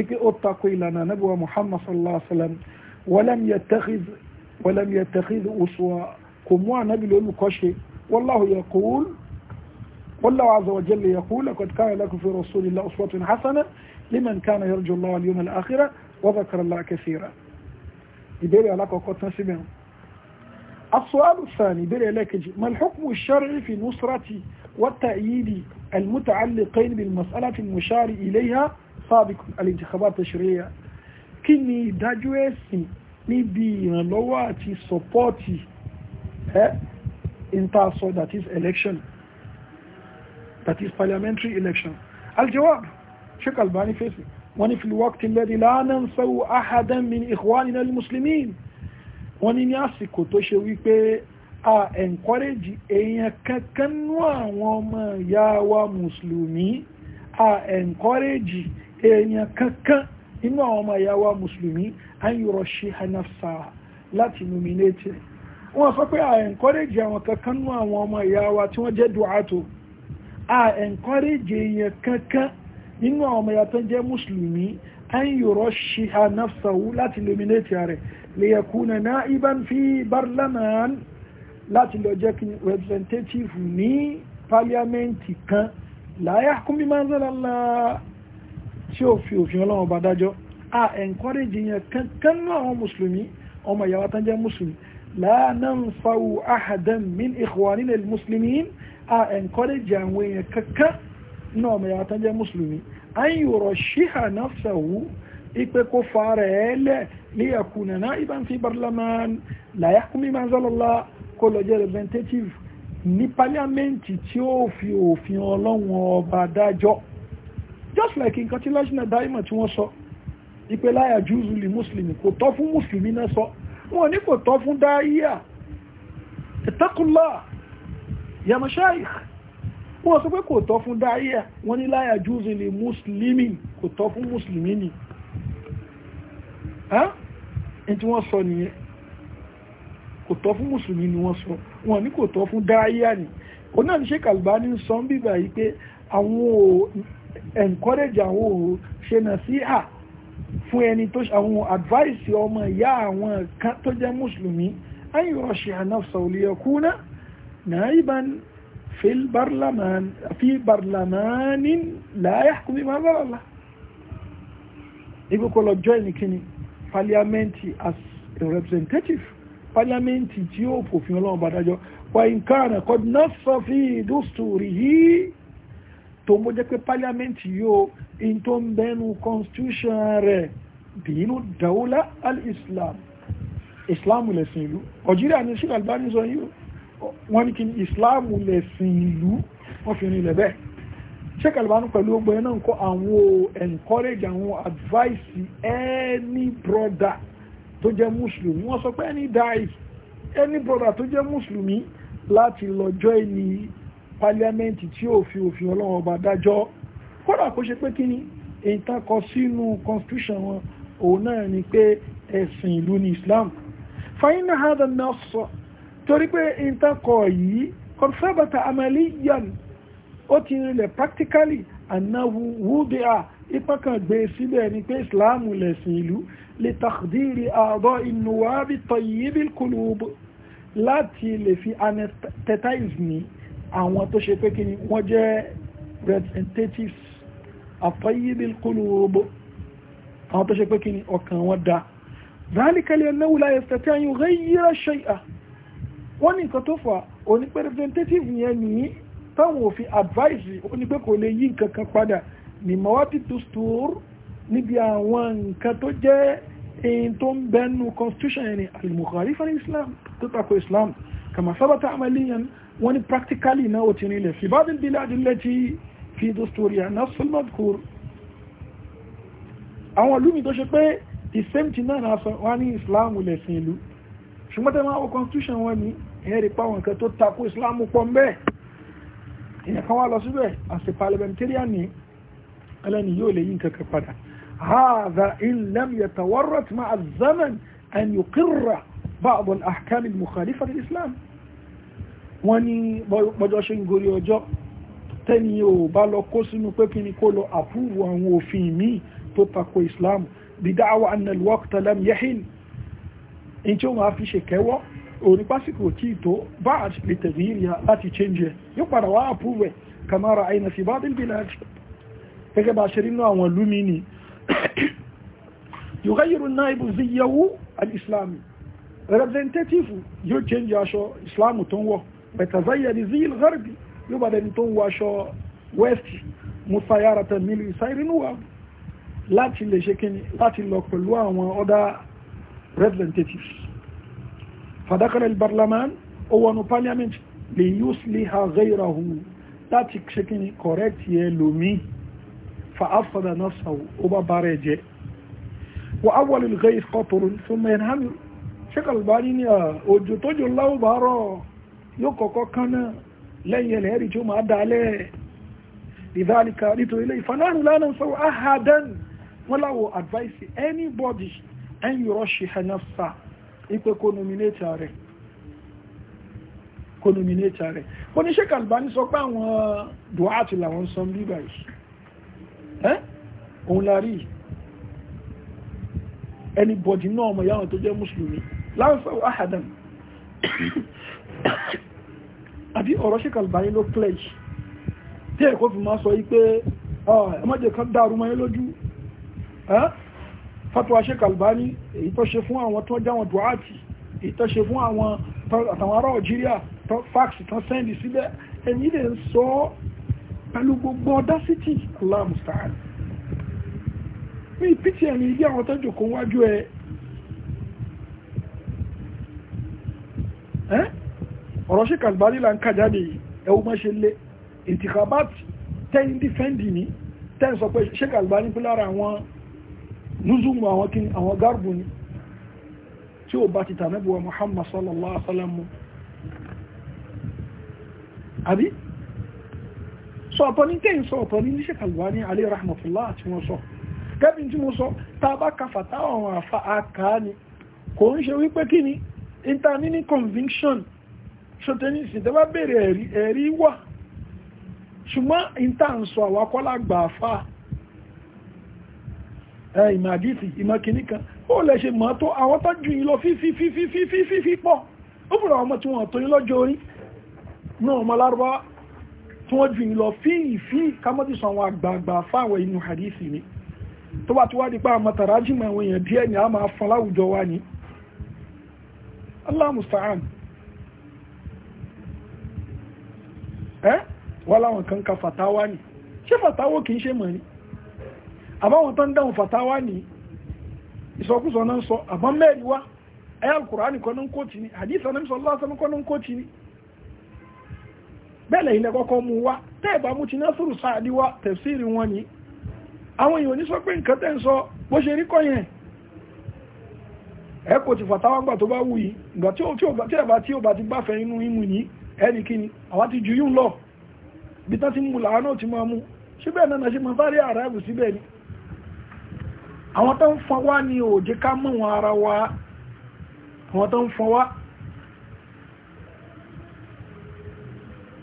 ike ó takò ìlànà anábíwá muhammad sallallahu alaihi wasallam walam yattakhidh walam yattakhidh uswa kò mú anábì lólùkọ́ṣe wallahu yaqul والله عز وجل يقول لقد كان لكم في رسول الله أسوة حسنة لمن كان يرجو الله اليوم الآخرة وذكر الله كثيرا يبالي alákọ̀ọ́kọ́ وقت síbẹ̀ السؤال الثاني ìbéèrè ẹlẹ́kejì ما الحكم الشرعي في نصرة والتأييد المتعلقين بالمسألة المشار إليها سابق الانتخابات التشريعية كني داجويسي نبي نلواتي سبوتي níbi ìrànlọ́wọ́ àti sọ́pọ́ọ̀tì that is parliamentary election الجواب شيخ الباني فيسي wọ́n في الوقت الذي لا ننسى أحدا من إخواننا المسلمين wọ́n ní ní àsìkò tó ṣe wípé a encourage èèyàn kankan nú àwọn ọmọ ìyá wa mùsùlùmí a encourage èèyàn kankan nínú àwọn ọmọ ìyá wa mùsùlùmí an yurashiha nafsaha láti nominate wọ́n sọ pé a encourage àwọn kankan nú àwọn ọmọ ìyá wa tí wọ́n jẹ́ du'ato a encourage èèyàn kankan nínú àwọn ọmọ ìyá tó jẹ́ mùsùlùmí an yòrò ṣe ànáfsàwú láti lómìnétì rẹ̀ lè yẹkùnà náà ibán fi barlaman láti lọ jẹ́ kí representative ní pálíámẹ́ǹtì kan láyé àkúnbí máa ń zọ́lá la tí ó fi òfin ọlọ́run bá dájọ́ a encourage èèyàn kankan náà àwọn mùsùlùmí ọmọ ìyá wa tó jẹ́ mùsùlùmí la nanfa'u ahadan min ikhwanina al-muslimin a encourage àwọn èèyàn kankan náà ọmọ ìyá tán jẹ́ mùsùlùmí à ń yòrò ṣíhà nafsahu ipe kó fa rẹ̀ ẹ́ lẹ̀ ní náà ibà fi barlaman làyàkúnmí máa ń zọ́lọ́lá kó lọ jẹ́ representative ní pálíámẹ́ǹtì tí ó fi òfin ọlọ́run ọba dájọ́ just like nǹkan tí lọ́sìnà dáìmọ̀ tí wọ́n sọ ipe láyà júùsù lè mùsùlùmí kò tọ́ fún mùsùlùmí náà sọ wọn ní kò tọ́ fún dáíyà ìtàkùnlá ya mashayikh wọ́n sọ pé kò tọ́ fún dáríà wọ́n ní láyà júùsì lè mùsùlùmí kò tọ́ fún mùsùlùmí ni ẹn tí wọ́n sọ nìyẹn kò tọ́ fún mùsùlùmí ni wọ́n sọ wọ́n ní kò tọ́ fún dáríà ni ó náà ní Sheikh Albani ń sọ ń bíbà yìí pé àwọn ò encourage àwọn ò ṣe nà sí à fún ẹni tó àwọn advice ọmọ ìyá àwọn kan tó jẹ́ mùsùlùmí ayọ̀ ṣe àná sọ̀lẹ̀ ẹ̀kú náà نائبا في البرلمان في برلمان لا يحكم بما أنزل الله ibi kò lọ join kini as a representative parliamenti tí yóò fòfin ọlọ́run bá dájọ́ wà nǹkan kò nọ́ọ̀sọ̀ fi dùsùrì yìí tó ń bó jẹ́ pé parliamenti yóò in tó ń bẹnu constitution rẹ̀ dìínú dawla al-islam islam lẹ̀sìn ìlú algeria wọ́n ní kí ni islam lẹ̀sìn ìlú wọ́n fi rinlẹ̀ bẹ́ẹ̀ sheikh albanu pẹ̀lú ogbó ẹ̀ náà ń kọ́ àwọn encourage àwọn advice any brother tó jẹ́ mùsùlùmí wọ́n sọ pé any dies any brother tó jẹ́ mùsùlùmí láti lọ join ní pálíámẹ́ǹtì tí òfin òfin ọlọ́run ọba dájọ́ kódà kó ṣe pé kí ni nǹkan kọ sínú constitution wọn òun náà ni pé ẹ̀sìn ìlú ní islam fàyínà hadha nasr torí pé ìtakọ̀ yìí kọ̀nsábàtà amaliyan ó ti rinlẹ̀ practically anáwó wúdíà ipa kan gbé síbẹ̀ ni pé ìsìláàmù lẹ̀sìn ìlú lè tàkdírí àádọ́ ìnùwárí tọ̀yìírí kùlùbù láti lè fi anesthetize ní àwọn tó ṣe pé kí ni wọ́n jẹ́ representatives àtọ̀yìírí kùlùbù àwọn tó ṣe pé kí ni ọkàn wọn dá ذلك لأنه لا يستطيع أن يغير شيئا wọ́n ní nǹkan tó fà ó ní pé representative yẹn nìyí táwọn òfin advice ó ní pé kò lè yí nǹkan kan padà ní mawati dustur níbi àwọn nǹkan tó jẹ́ èyí tó ń bẹnu constitution yẹn ni al-mukhalifa ní islam tó tako islam kama sabata amaliyan wọ́n ní practically náà ó ti nílẹ̀ fi ba'd al-bilad allati fi dusturiha nass al-madhkur àwọn ìlú tó ṣe pé the same thing náà wá ní islam lẹ̀sìn ìlú ṣùgbọ́n tẹ́ máa wọ constitution wọn ni ẹ̀rí páwọn nǹkan tó takò islam pọ̀ ń bẹ́ẹ̀ èèyàn kan wá lọ síbẹ̀ àti parliamentarian ni yóò lè yí nǹkan kan padà هذا إن لم يتورط مع الزمن أن يقر بعض الأحكام المخالفة للإسلام wọ́n ní bọ́jọ́ ṣe ń gorí ọjọ́ tẹ́ni yóò bá lọ kó sínú pé kí ni kó lọ àpúrò àwọn òfin míì tó tako islam bí dáwà annalwaqt lam yahin in tí ó máa fi ṣèkẹ́wọ́ onípásíkò tí tó bá lè tẹ̀lé ìrìyà láti change yóò padà wá approve kamara àìnà sí bá dìbì láti gẹ́gẹ́ bá ṣe nínú àwọn lúmi ni yóò gáyìrò náà ibù sí yẹwú al-islami representative yóò change aṣọ islam tó ń wọ̀ bẹ̀tàzáyà ní zí ìlgárbi yóò bá dẹni tó ń wọ aṣọ west musayaratan milu isairinwa láti lè ṣe kíni láti lọ pẹ̀lú àwọn other representatives fàdákàrà ìbàrlamán ó wọnú parliament lè yusliha ghayrahu láti ṣekínì kọ̀rẹ́tì ẹ lómi fa'afada nafsahu ó bá bára ẹ jẹ wa awwal al-ghayth qatrun thumma yanhamir Sheikh Albani ní òjò tójò láwọ́ bá rọ̀ yóò kọ̀kọ́ kán náà lẹ́yìn ẹlẹ́rìí tí ó máa dálẹ́ lidhalika nítorí ilé ìfanáàrùn lánàá sọ ahadan wọ́n láwọ̀ advice anybody and you rush her nafsa ipe kó nominate rẹ̀ kó nominate rẹ̀ kó ní Sheikh Albani sọ pé àwọn duwati làwọn sọ bí báyìí ẹ́ òun la rí anybody náà ọmọ yàwọn tó jẹ́ mùsùlùmí láǹfẹ́ ahadan àbí ọ̀rọ̀ Sheikh Albani ló pledge tí ẹ̀kọ́ fi máa sọ yí pé ah, ẹ̀ mọ́jẹ̀ kan dárú mọ́ yẹn lójú ẹ́ fatwa sheik albani èyí tó ṣe fún àwọn tó jáwọn duwati èyí tó ṣe fún àwọn àtàwọn ará algeria tó fáàkì tán sẹ́ndì síbẹ̀ ẹni lè sọ pẹ̀lú gbogbo ọdásítì allah musta'an mi pìtì ẹni ilé àwọn tó jòkó wájú ẹ ọ̀rọ̀ sheik albani là ń kà jáde ẹwú mọ́ ṣe lé ìtìkàbá tẹ́yìn dífẹ́ndì ní tẹ́yìn sọ pé sheik albani pé lára àwọn lùzùmù àwọn kí àwọn gárùbù ni tí ó bá ti tànàbí wa muhammad sallallahu alaihi wasallam àbí sọ ọ̀tọ̀ ní tẹ́yìn sọ ọ̀tọ̀ ní níṣẹ́ kalwani alẹ́ rahmatullah àti wọn sọ gẹ́bí tí mo sọ tàbá kàfà táwọn àfà àkàá ni kò ń ṣe wípé kí ni ìtàní ní conviction ṣọ́tẹ́nìsì tẹ́bá bèèrè ẹ̀rí wà ṣùgbọ́n ìtàn sọ àwakọ́lá gbà fáà ìmọ̀ àdìsí ìmọ̀ kìíní kan ó lè ṣe mọ́ tó àwọn tó ju yín lọ fífífífífífí pọ̀ ó fúnra ọmọ tí wọ́n tó yín lọ́jọ́ orí náà ọmọ lárúbá tí wọ́n ju yín lọ fífí kámọ́tì sọ àwọn àgbààgbà fáwọn inú àdìsí ni tó bá ti wá di pé àwọn tàrájìmọ̀ àwọn èèyàn díẹ̀ ni a máa fọn láwùjọ wa ni Allah musta'an ẹ́ wọ́n láwọn kan ka fàtáwá ni ṣé fàtáwó kìí ṣe mọ̀ ni àbáwọn tó ń dáhùn fàtàwà ní ìsọkúsọ náà sọ àbá mẹ́rin wá ayá alkùránì kọ́ ní ń kóòtì ní àdísà náà sọ lọ́sàn kọ́ ní ń kóòtì ní bẹ́ẹ̀lẹ̀ ilẹ̀ kọ́kọ́ mú wá tẹ́ẹ̀bà mú ti násùrù sáàdí wá tẹ̀fsíìrì wọn ni àwọn èèyàn ní sọ pé nǹkan tẹ́ ń sọ bó ṣe rí kọ́ yẹn ẹ kò ti fàtàwà gbà tó bá wù yìí ìgbà náà ṣe máa bá rí àrà ẹ̀bù síbẹ̀ ni àwọn tó ń fọn wá ni ò jẹ́ ká mọ̀ wọn ara wa àwọn tó ń fọn wá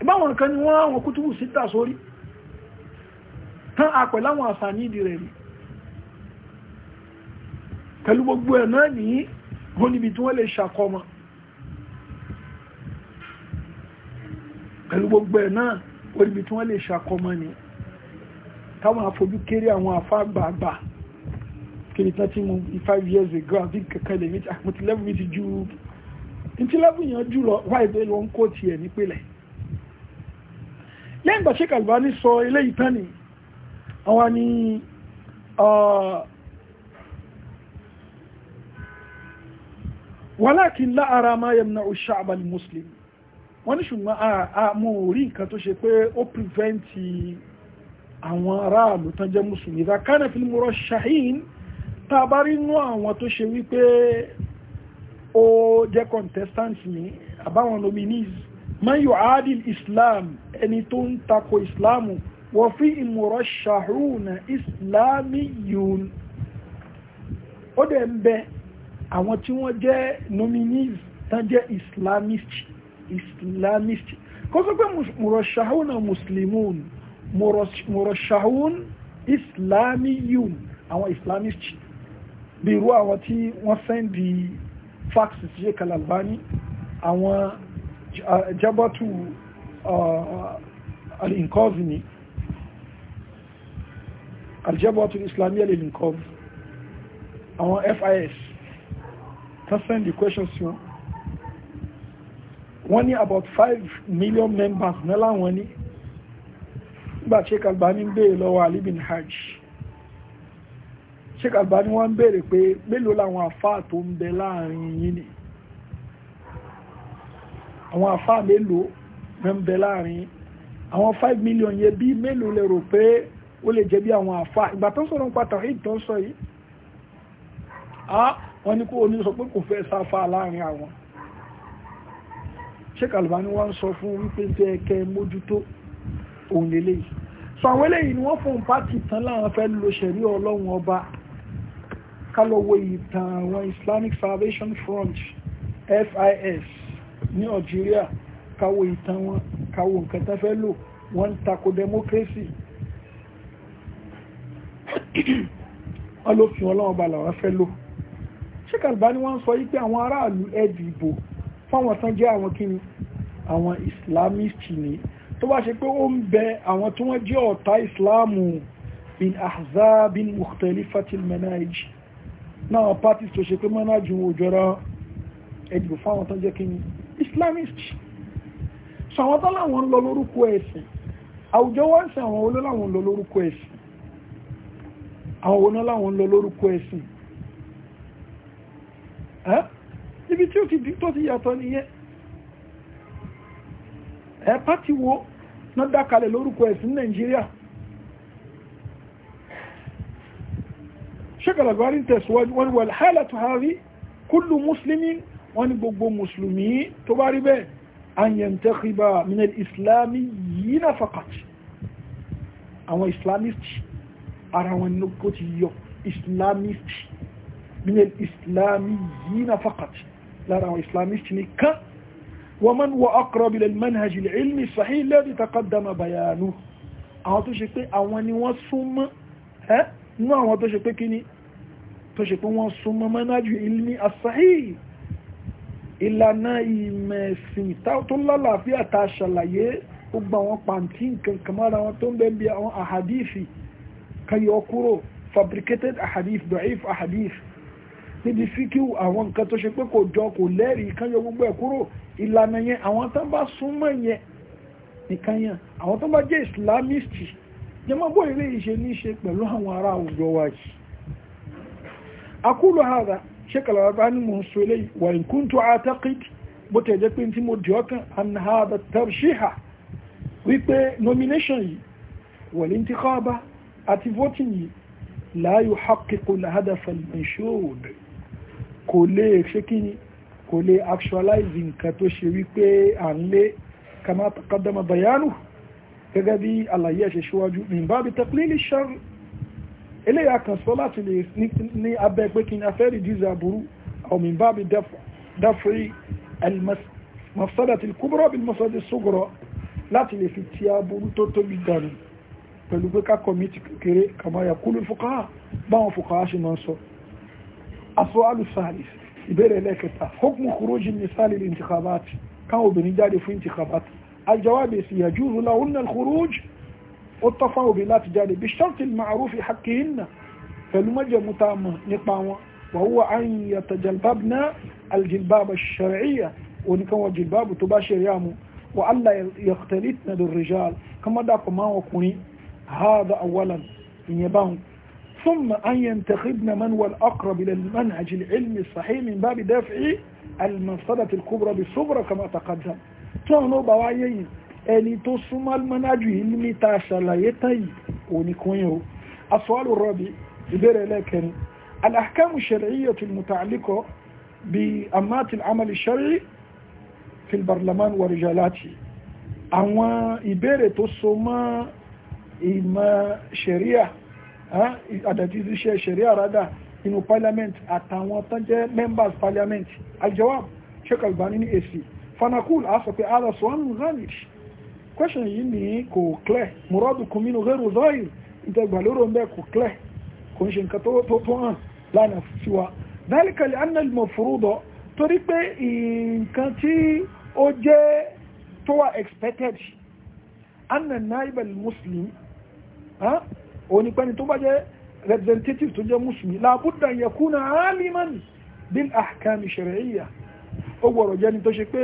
ìbáwọn kan ni wọ́n àwọn kútùbù síta sórí tán àpẹ̀ láwọn àṣà nídi rẹ̀ rí pẹ̀lú gbogbo ẹ̀ náà ní wọ́n tí wọ́n lè ṣàkọmọ pẹ̀lú gbogbo ẹ̀ náà wọ́n tí wọ́n lè ṣàkọmọ ni táwọn àfojú kéré àwọn àfágbàgbà kí ni tán tí five years ago àbí kankan lè mi ti àmọ́ ti level mi ti ju ntí level yẹn jù lọ wá ìbéèrè wọn kó tiẹ̀ nípìnlẹ̀ lẹ́yìn ìgbà Sheikh Albani sọ eléyìí tán ni àwọn ni uh, walakin la ara ma yamna'u ash-sha'b al-muslim wọ́n ní ṣùgbọ́n àmọ́ orí nǹkan tó ṣe pé ó prevent àwọn aráàlú tán jẹ́ mùsùlùmí ìdákánà fil murashahin tá a bá rí inú àwọn tó ṣe wípé ó jẹ́ contestants ní àbáwọn nominees man yóò adil islam ẹni tó ń takò islamu wọ́n fi ìmọ̀rọ̀ ṣàhúnà islami yun ó dẹ̀ ń bẹ àwọn tí wọ́n jẹ́ nominees tán jẹ́ islamist islamist kó sọ pé mọ̀rọ̀ ṣàhúnà muslimun mọ̀rọ̀ ṣàhún islami yun àwọn islamist bí irú àwọn tí wọ́n sẹ́ndì fax sí Sheikh Al-Albani àwọn uh, jabatu uh, uh, al-Inqazni al-jabatu al-Islamiyya FIS inqazni àwọn FIS tán sẹ́ndì questions wọn wọ́n ní about five million members náà láwọn ní nígbà Sheikh Al-Albani ń béèrè lọ́wọ́ Ali Hajj Sheikh Albani wọ́n ń béèrè pé mélòó làwọn àfáà tó ń bẹ láàrin yín ni àwọn àfáà mélòó ń bẹ láàrin àwọn five million yẹn bí mélòó lè rò pé ó lè jẹ́ bí àwọn àfáà ìgbà tó ń sọ̀rọ̀ nípa tawhid tó ń sọ yìí wọ́n ní kó o ní sọ pé kò fẹ́ sáfà láàrin àwọn Sheikh Albani wọ́n ń sọ fún wípé tí ẹ kẹ́ mójútó òun lélẹ́yìí sọ àwọn eléyìí ni wọ́n fún pátì tán láwọn fẹ́ lo ṣẹ̀rí ọlọ́run ọba ká lọ wo ìtàn àwọn Islamic Salvation Front FIS ní Algeria ká wo ìtàn wọn ká wo nǹkan tó fẹ́ lò wọ́n ń takò democracy [CLEARS THROAT] wọ́n ló fi wọn lọ́wọ́ balẹ̀ wọ́n fẹ́ lò Sheikh Albani wọ́n sọ yí pé àwọn aráàlú ẹ dìbò fáwọn tán jẹ́ àwọn kíni àwọn Islamist ni tó bá ṣe pé ó ń bẹ àwọn tí wọ́n jẹ́ ọ̀tá Islamu bin ahzabin mukhtalifatil manhaj our party to ṣe pé mọ́nájú wọn òjọ́ra ẹ̀dìbò fáwọn tó jẹ́ islamist so àwọn tó láwọn ń lọ lórúkọ ẹ̀sìn àwùjọ wọn sì àwọn olóò láwọn ń lọ lórúkọ ẹ̀sìn àwọn olóò láwọn ń lọ lórúkọ ẹ̀sìn níbi tí ó ti di tó ti nìyẹn wo náà شكرا قارين تسواج والحالة هذه كل مسلم ونبقى مسلمين تباربا أن ينتخب من الإسلاميين فقط أو إسلاميست أرى ونبقى إسلاميست من الإسلاميين فقط لا أرى إسلاميست نكا ومن هو أقرب إلى المنهج العلمي الصحيح الذي تقدم بيانه أعطي شكرا أو أن يوصم ها inú àwọn tó ṣe pé kíní tó ṣe pé wọ́n súnmọ́ mẹ́nájú ilmi asahi ìlànà ìmẹ̀sìn tó lálàáfíà ta ṣàlàyé gbogbo àwọn pàǹtí nǹkan kàmára wọn tó ń bẹ́ bí àwọn àhàdífì kayọ kúrò fabricated ahadif da'if ahadif níbi fíkíù àwọn nǹkan tó ṣe pé kò jọ kò lẹ́rìí kayọ gbogbo ẹ̀ kúrò ìlànà yẹn àwọn tó bá súnmọ́ yẹn nìkan yẹn àwọn tó bá jẹ́ islamist jẹmọ́ bó ilé ìṣe ní ṣe pẹ̀lú àwọn ará àwùjọ wa yìí akúlù hàdà ṣe kàlàbà ní mò ń so ilé wà ní kúntù àtàkìtì bó tẹ̀ jẹ́ pé tí mo dì ọkàn àmì hàdà tàbíṣíhà wípé nomination yìí wọ̀lé ń ti kọ́ọ̀bá àti voting yìí láàyò hakiku lahada falmanshod kò lè ṣe kí ni kò lè actualize nǹkan tó ṣe wípé à ń lé kama taqaddama bayanuhu gẹ́gẹ́ bí àlàyé ẹ̀ṣẹ̀ ṣíwájú ìbábi tẹ̀plílì ṣẹ́rù eléyà kan sọ láti lè ní abẹ́ pé kí ni afẹ́ rìdíìsì aburú àwọn ìbábi dáfírí mafsadati kúbúrọ̀ bí mafsadati sógọ̀rọ̀ láti lè fi ti aburú tó tóbi dànù pẹ̀lú pé ká kọ̀mítì kékeré kàmá yakulu fuqaha báwọn fuqaha ṣe máa الجواب يجوز لهن الخروج والتصاوب لا تجاري بالشرط المعروف حقهن فالمجا متامة نقاوة وهو أن يتجلببن الجلباب الشرعية ونكون الجلباب تباشر يامو وألا يختلطن بالرجال كما داك ما وكوني هذا أولا يبان ثم أن ينتخبن من هو الأقرب إلى المنهج العلمي الصحيح من باب دفع المنصدة الكبرى بالصغرى كما تقدم tí ọ̀nà ó bá wáyé yìí ẹni tó súnmọ́ mọ́nájú yìí níta ṣàlàyé tán yìí òní kún yẹn o asọ́lù rọ́bì ìbéèrè ẹlẹ́kẹrin alahkamu shari'iyya tulmutaaliko bi amati amali shari'i fil barlaman wa rijalati àwọn ìbéèrè tó so mọ́ ìmọ̀ sharia àdàtìsí ṣe parliament àtàwọn tó jẹ́ members parliament aljawab sheikh albani ní èsì fanakul a sọ pé a lọ sọ question yìí ni kò clear muradu kuminu gẹ́rù zahir ìtẹ̀gbàlóró ń bẹ́ kò clear kò ń ṣe nǹkan tó tó hàn lánàá sí wa dhalika li anna al-mafruda torí pé nǹkan tí ó jẹ́ tó wà expected anna naibal muslim onípẹ́ni tó bá jẹ́ representative tó jẹ́ muslim labudda yakuna aliman bil ahkam shar'iyya ó gbọ́dọ̀ jẹ́ni tó ṣe pé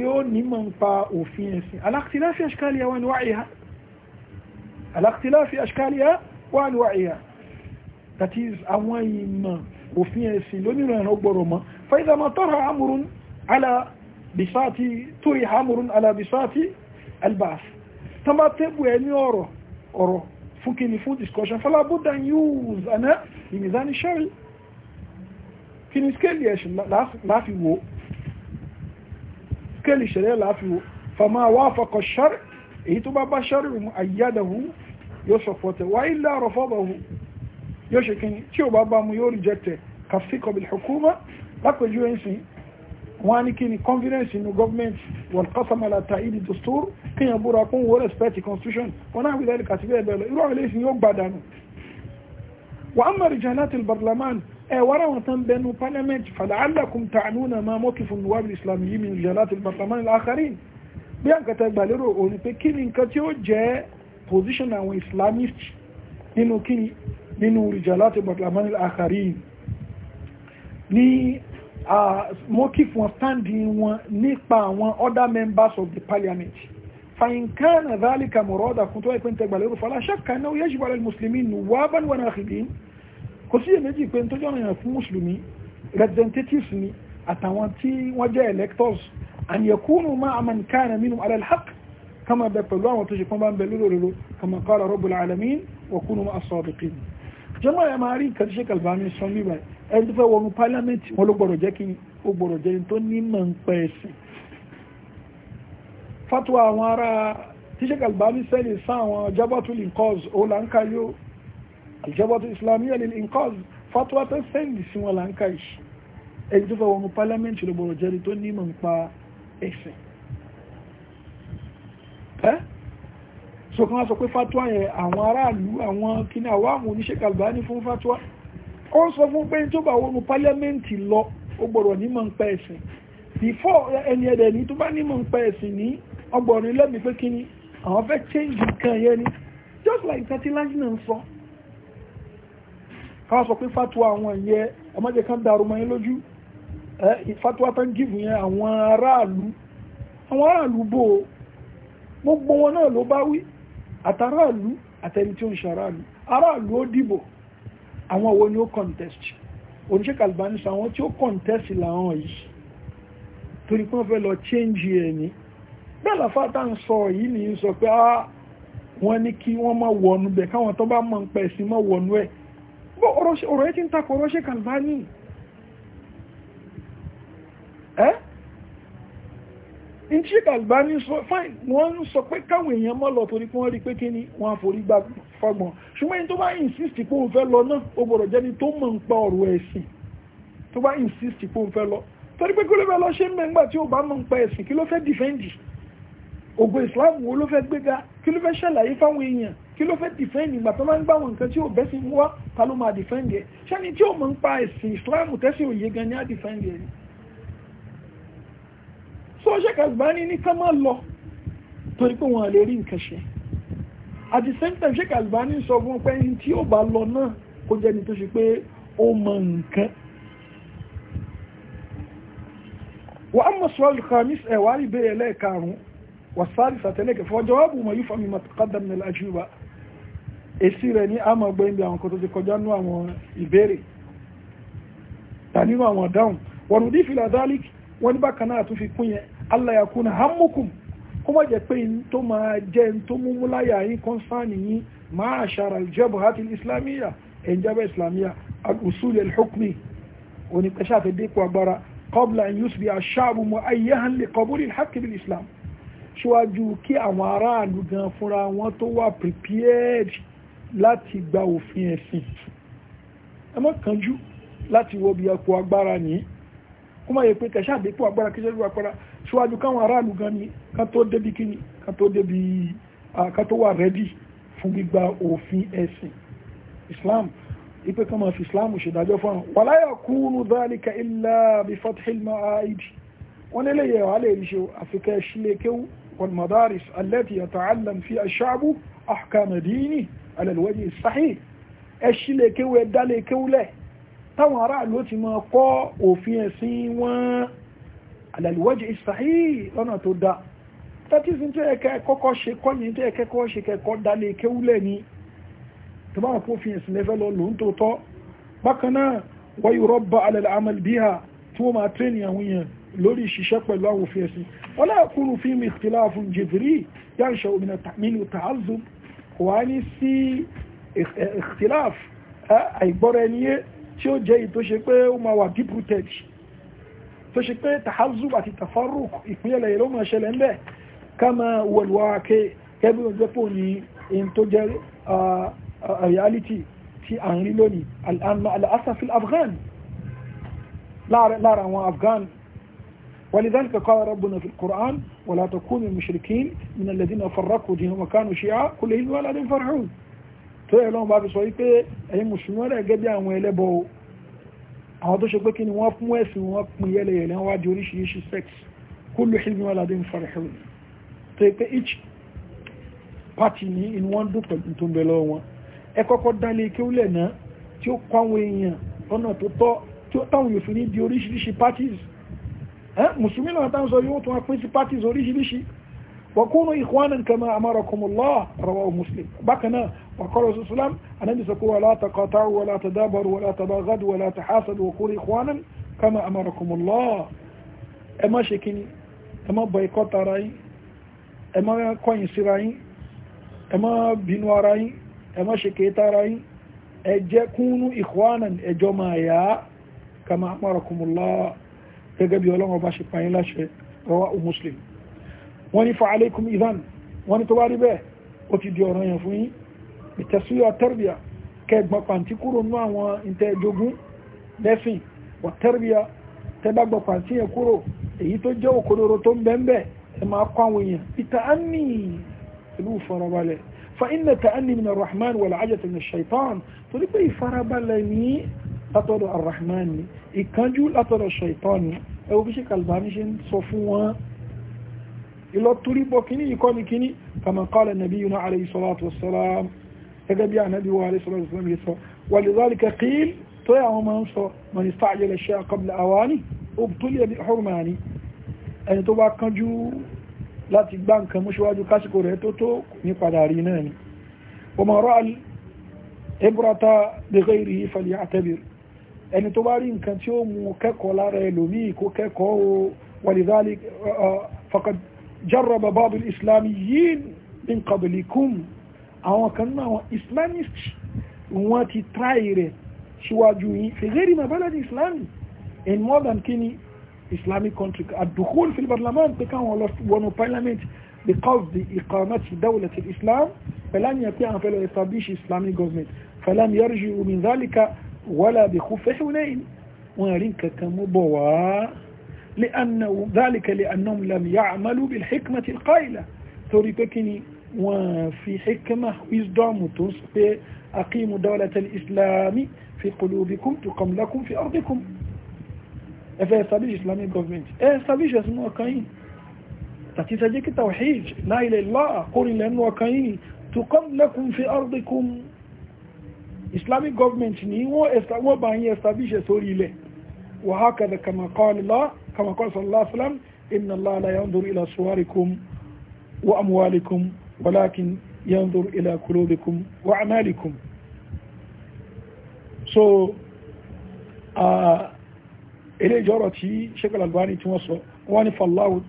yóò nímọ̀ ń pa òfin ẹ̀sìn alákìtìláfì àṣkálíyà wà ní wáyé that is àwọn ìmọ̀ òfin ẹ̀sìn lónìrànà ó gbọ́dọ̀ mọ́ fàídàmà tọ́rọ amúrún alábìsáàtì torí amúrún alábìsáàtì albas tán bá tẹ́bù ẹ ní ọ̀rọ̀ ọ̀rọ̀ fún kí ni fún discussion fala buddha use kí ni skéèlì ẹ̀sìn láfi wò skéèlì ìṣẹ̀lẹ̀ láfi wò fama wafaqa ṣáré èyí tó bá bá ṣáré rùn ayyadahu yóò sọ̀pọ̀tẹ̀ wa illa rafadahu yóò ṣe kí ni tí ò bá bá mu yóò rìjẹ́tẹ̀ kàfíkọ̀ bil hukuma lápẹjú ẹ̀sìn wọ́n ní kí ni confidence inú government wọ́n kọ́sàmà láta ìdí dòstúr kí yẹn búra kún wọ́n respect constitution wọ́n náà wílẹ̀ kàtí bẹ́ẹ̀ bẹ́ẹ̀ lọ irú àwọn ilé ìsìn yóò gbàdánù wọ́n á mọ̀ rìjẹ́ ẹ̀wọ́rọ̀ wọn tán bẹnu parliament fàlàálàkùn tààlùnà máa mọ́kì fún ìwádìí islam yìí min ìjọlá ti bàtàmán lákàrí bí àǹkàtà ìgbàlérò òní pé kí ni nǹkan tí ó jẹ́ position àwọn islamist nínú kí nínú ìjọlá ti bàtàmán lákàrí ní mọ́kì fún stand wọn nípa àwọn other members of the parliament fàyínkàn àdálìkà mọ̀rọ́dà kún tó ẹ̀pẹ́ ìtẹ̀gbàlérò fàlàṣà kan náà yẹ́jú kò sí èméjì pé n tó jọ̀ràn yàn fún mùsùlùmí representatives ni àtàwọn tí wọ́n jẹ́ electors an yakunu ma'a man kana minhum ala al-haqq kama bẹ pẹ̀lú àwọn tó ṣe pọ́n bá ń bẹ lóróró kama qala rabbul alamin wa kunu ma'a as-sadiqin jọmọ ẹ máa rí nǹkan tí Sheikh sọ níbà ẹni tó fẹ́ wọnú pálámẹ́ǹtì wọn ló gbọ́dọ̀ jẹ́ kí ó gbọ́dọ̀ jẹ́ tó ní mọ̀ ń pẹ́ ẹ̀sìn fatwa àwọn ará tí Sheikh Albani sẹ́lẹ̀ sáwọn jabatul aljabatu islamiyya lil inqaz fatwa tó sẹ́ndì sí wọn láǹkà ìṣù ẹni tó fẹ́ wọnú pálámẹ́ǹtì ló bọ̀rọ̀ jẹ́rìí tó ní mọ̀ nípa ẹ̀sìn ẹ́ so kan wá sọ pé fatwa yẹn àwọn aráàlú àwọn kíní àwọn àwọn oníṣẹ́ Albani fún fatwa ó sọ fún pé tó bá wọnú pálámẹ́ǹtì lọ ó gbọ́dọ̀ ní mọ̀ nípa ẹ̀sìn before ẹni ẹ̀dẹ̀ ní tó bá ní mọ̀ nípa ẹ̀sìn ní ọgbọ̀nrin lẹ́mìí pé kíní àwọn fẹ́ change nǹkan yẹn ni just like thirty lines náà sọ ká sọ pé fatuwa àwọn ìyẹn ọmọdé kan dàrú mọ́ yín lójú fatuwa tán gífù yẹn àwọn aráàlú àwọn aráàlú bò ó gbogbo wọn náà ló bá wí àtàráàlú àtẹni tí ó ń ṣàráàlú aráàlú ó dìbò àwọn wo ni ó contest oníṣẹ́ Albani sọ àwọn tí ó contest làwọn yìí torí pé wọ́n fẹ́ lọ change ẹ̀ ní bẹ́ẹ̀ làfáà tá à ń sọ yìí nìyí sọ pé ah, wọ́n ní kí wọ́n má wọnú bẹ̀ káwọn tó bá mọ̀ ń pẹ̀ sí má wọnú ẹ̀ bọ́ ọ̀rọ̀ ẹ ti ń takò ọ̀rọ̀ ṣe kàlbání ẹ́ in ṣe kàlbání sọ fine wọ́n ń sọ pé káwọn èèyàn mọ́ lọ torí pé wọ́n rí pé kí ni wọ́n àforí gbà fagbọ̀n ṣùgbọ́n ẹni tó bá insist pé òun fẹ́ lọ náà ó gbọ́dọ̀ jẹ́ni tó mọ̀ ń pa ọ̀rọ̀ ẹ̀sìn tó bá insist pé òun fẹ́ lọ torí pé kí ló fẹ́ lọ ṣe ń bẹ̀ ńgbà tí ó bá mọ̀ ń pa ẹ̀sìn kí ló fẹ́ dìfẹ́ǹdì ògo ìsìláàmù wo ló fẹ́ gbéga kí ló fẹ́ ṣàlàyé fáwọn èèyàn kí ló fẹ́ dìfẹ́ǹdì ìgbà tó máa ń gbà wọn nǹkan tí ò bẹ́sìn mú wá ta ló máa dìfẹ́ǹdì ẹ̀ ṣẹ́ni tí ò mọ̀ ń pa ẹ̀sìn Islam tẹ́sìn òye gan ni á dìfẹ́ǹdì ẹ̀ ni. tó ṣe kàgbáni ní ká má lọ torí pé wọn lè rí nǹkan ṣe at the same time ṣe kàgbáni sọ fún wọn pé ẹni tí ò bá lọ náà kó jẹ́ ni tó ṣe pé ó mọ nǹkan. wà á mọ̀ sọ́ọ́lù ẹ̀wárí bẹ́ẹ̀ lẹ́ẹ̀karùn-ún wà sáàrì sàtẹ́lẹ̀kẹ̀ fọ́jọ́ wà bù mọ̀ yìí fọ́ mi mọ̀ èsì rẹ̀ ní àmọ́ gbé ibi àwọn kan tó ti kọjá nú àwọn ìbéèrè tà nínú àwọn dáhùn wọn ò dífìlà dálík ní fi kún yẹn alayakuna hamukum kó má jẹ́ pé tó máa jẹ́ tó múmú láyà yín kọ́nsáàni yín máa ṣàrà islamiyya islamiyya ṣíwájú kí àwọn aráàlú gan fúnra wọn tó wà prepared láti gba òfin ẹ̀sìn ẹ má kánjú láti wọ bí ẹkọ agbára ní kó má yẹ pé kẹṣẹ́ àdépò agbára kẹṣẹ́ àdépò agbára ṣíwájú káwọn aráàlú gan ni ká tó débi kíni ká tó débi ká tó wà rẹ́dì fún gbígba òfin ẹ̀sìn Islam ipe kan ma fi Islam ṣèdájọ́ fún wa la yakunu dhalika illa bi fathil ala alwajhi sahih ẹ sílẹ̀ kéwú ẹ dálé kéwú lẹ̀ táwọn aráàlú ó ti máa kọ́ òfin ẹ̀sìn wọn ala alwajhi sahih lọ́nà tó dáa tàbí sí tó ẹ̀kẹ́ kọ́kọ́ ṣe kọ́yìn tó ẹ̀kẹ́ kọ́ ṣe kẹ́kọ́ dálé kéwúlẹ̀ ni tó bá kó fi ẹ̀sìn lẹ́fẹ́ lọ lòún tó tọ́ bákan náà wọ́n yóò rọ́bà alẹ́lẹ́ amal bíhà tí wọ́n máa tẹ́ni àwọn èèyàn lórí ìṣiṣẹ́ pẹ̀lú àwọn òfin ẹ̀sìn wọ́n láàkúrú fi mi ìtìlá fún jìbìrì yá ìṣẹ́ òmìnira tàmínú tààzù kò wá ní sí ìtìláàf àìgbọ́ra ẹni yé tí ó jẹ́ èyí tó ṣe pé ó máa wà deep rooted tó ṣe pé tahazub àti tafaruk ìpínlẹ̀ yìí ló máa ṣẹlẹ̀ ńbẹ̀ ká máa wọ̀lúwa ké kẹ́bí ọjọ́ ní in tó jẹ́ reality tí à lónìí al afghan lára àwọn afghan ولذلك قال ربنا في القرآن ولا تكونوا المشركين من الذين فرقوا دينهم وكانوا شيعا كل هذ ولا دين فرحون tó yẹ lọ́wọ́ bá fi sọ wípé ẹ̀yin mùsùlùmí ọ̀rẹ́ gẹ́gẹ́ bí àwọn ẹlẹ́bọ àwọn tó ṣe pé kí ni wọ́n fún ẹ̀sìn wọn pin yẹlẹyẹlẹ wá di oríṣiríṣi sex kullu hizbin wala ladayhim farihun tó yẹ pé each party ní inú wọn dùn pẹ̀lú tó ń bẹ lọ́wọ́ wọn ẹ kọ́kọ́ dálé kéwúlẹ̀ náà tí ó kọ́ àwọn èèyàn lọ́nà tó tọ́ tí ó táwọn yòófin ní di oríṣiríṣi parties Eh, musulmi náà tán sọ yóò tún wá pín sí parties oríṣiríṣi wakunu ikhwanan kama amarakumullah rawahu muslim bákan náà wakọrọ sọsọlám anábì sọ pé wala taqata'u wala tadabaru wala tabaghadu wala tahasadu wakunu ikhwanan kama amarakumullah ẹ má ṣe kíni ẹ má boycott ara yín ẹ má kọ̀yìn síra yín ẹ má bínú ara yín ẹ má ṣe kéta ara yín ẹ jẹ́ kúnú ikhwanan ẹjọ́ máa yá kama amarakumullah gẹ́gẹ́ bí ọlọ́run ọba ṣe pa yín láṣẹ rọwá o muslim wọ́n ní fa aleikum idan wọ́n ní tó wá rí bẹ́ẹ̀ ó ti di ọ̀rọ̀ yẹn fún yín ìtẹ̀síyọ̀ tẹ́rbíà kẹgbọ́n pàǹtí kúrò nú àwọn ìtẹ́jogún lẹ́sìn wà tẹ́rbíà pàǹtí yẹn kúrò èyí tó jẹ́ òkodoro tó ń bẹ́ẹ̀ ẹ máa kọ́ àwọn èèyàn ìtàánì ìlú ìfarabalẹ̀ fa inna ta'anni min arrahman wal ajata min shaitan torí pé ìfarabalẹ̀ ní látọ̀dọ̀ arrahman ni ìkánjú látọ̀dọ̀ ṣàìtọ́ni ẹwọ bí Sheikh Albani ṣe ń sọ fún wọn ìlọ túrípọ̀ kíní ìkọ́ni kíní kama qala nabiyuna alayhi salatu wassalam gẹ́gẹ́ bí ànábí wa alayhi salatu wassalam yìí sọ wa lidhalika qil tó yà wọn máa ń sọ man ista'jala ash-shay'a qabla awani ubtuliya bi hurmani ẹni ẹni tó bá rí nǹkan tí ó mú kẹ́kọ̀ọ́ lára ẹlòmíì kó kẹ́kọ̀ọ́ o walidhalik uh, uh, faqad jarraba ba'du al-islamiyyin min qablikum àwọn kan náà àwọn islamist wọ́n ti tráì rẹ̀ síwájú yìí fi ghairi ma baladi islami in more than kini islamic country ad-dukhul fil pé káwọn lọ wọnú parliament بقصد إقامة دولة الإسلام فلم يكن فلو establish Islamic government فلم يرجعوا من ذلك ولا بخف حنين وذلك كمبوا لأنه ذلك لأنهم لم يعملوا بالحكمة القائلة بكني وفي حكمة وزدام تنصبي أقيم دولة الإسلام في قلوبكم تقم لكم في أرضكم أفهي سابيج إسلامي قوفمنت أفهي سابيج أسمو أكاين تتسجيك التوحيد لا إله الله قولي لأنه أكاين تقم لكم في أرضكم islamic government ni wọ́n bá yín establish sórí ilẹ̀ وهكذا كما قال الله كما قال صلى الله عليه وسلم إن الله لا ينظر إلى صوركم وأموالكم ولكن so ilé ìjọrọ̀ tí ṣekọ̀lá albani tí wọ́n sọ wọ́n ni fallahu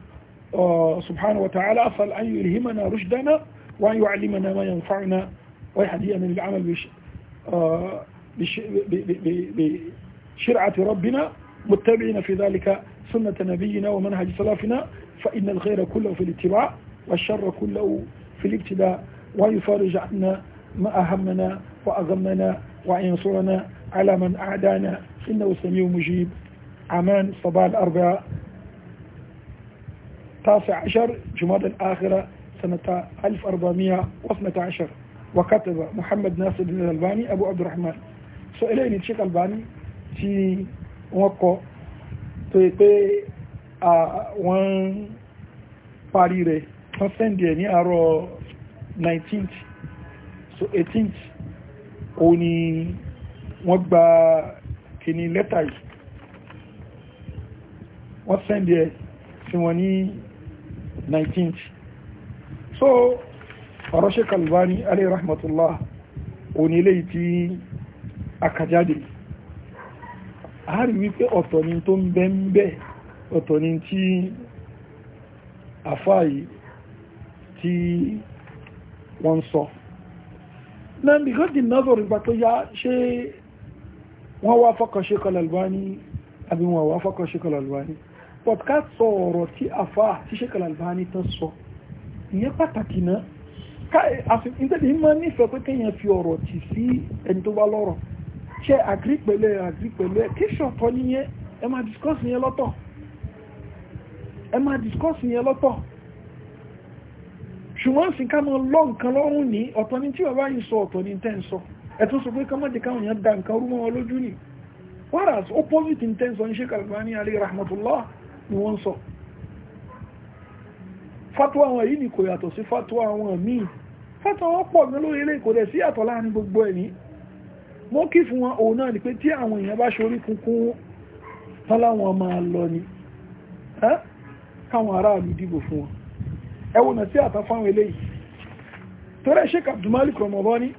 subhanahu wa ta'ala asal an ilhimana rushdana wa an yu'allimana ma yanfa'una wa yahdiyana lil amal bi بشرعة ربنا متبعين في ذلك سنة نبينا ومنهج سلفنا فإن الخير كله في الاتباع والشر كله في الابتداء ويفرج عنا ما أهمنا وأغمنا وينصرنا على من أعدانا إنه سميع مجيب عمان صباح الأربعاء تاسع عشر جماد الآخرة سنة 1412 وكتب محمد ناصر بن الألباني أبو عبد الرحمن so eléyìí sheik Albani tí wọ́n kọ tó yẹ pé wọ́n parí rẹ̀ wọ́n sẹ́ndì ẹ̀ ní àárọ̀ 19th so 18th ó ní wọ́n gba kìíní lẹ́tà yìí wọ́n sẹ́ndì ẹ̀ sí wọn ní 19th so ọ̀rọ̀ Sheikh alayhi rahmatullah òní eléyìí tí akajáde a rí wípé ọ̀tọ̀ ni tó ń bẹ́ ń bẹ́ ọ̀tọ̀ ni tí àfáàyí tí wọ́n sọ náà bí gọ́dì náàzọ̀rọ̀ ìgbà tó yá ṣe wọ́n wá fọ́kọ̀ Sheikh Albani àbí wọ́n wá fọ́kọ̀ Sheikh Albani podcast sọ ọ̀rọ̀ tí àfáà tí Sheikh Albani tán sọ ìyẹn pàtàkì ìtẹ́lẹ̀ ìmọ̀ nífẹ̀ẹ́ pé kéèyàn fi ọ̀rọ̀ tì sí ẹni tó bá lọ́rọ̀ ṣe àgírí pẹ̀lú ẹ̀ àgírí pẹ̀lú ẹ̀ kí ṣọ̀tọ̀ nìyẹn ẹ máa discuss yẹn lọ́tọ̀ ẹ máa discuss yẹn lọ́tọ̀ ṣùgbọ́n sì ká máa lọ nǹkan lọ́rùn ní ọ̀tọ̀ ní tí bàbá yìí sọ ọ̀tọ̀ ní tẹ́ ń sọ ẹ tún sọ pé ká má dìkan òyìn da nǹkan rú mọ́ wọn lójú ni whereas opposite intention ṣe kàlùbá ní alẹ́ rahmatullah ni wọ́n sọ fatuwa àwọn yìí ni kò yàtọ̀ sí fatuwa àwọn míì fatuwa wọn pọ̀ gan lórí ilé kò dẹ̀ sí yàtọ̀ láàrin gbogbo ẹ̀ ní mo kí fún wọn òun náà ni pé tí àwọn èèyàn bá ṣorí kunkun tán láwọn máa lọ ni káwọn aráàlú dìbò fún wọn ẹwọ náà sí àtà fáwọn eléyìí torí Sheikh Abdulmalik Ramabani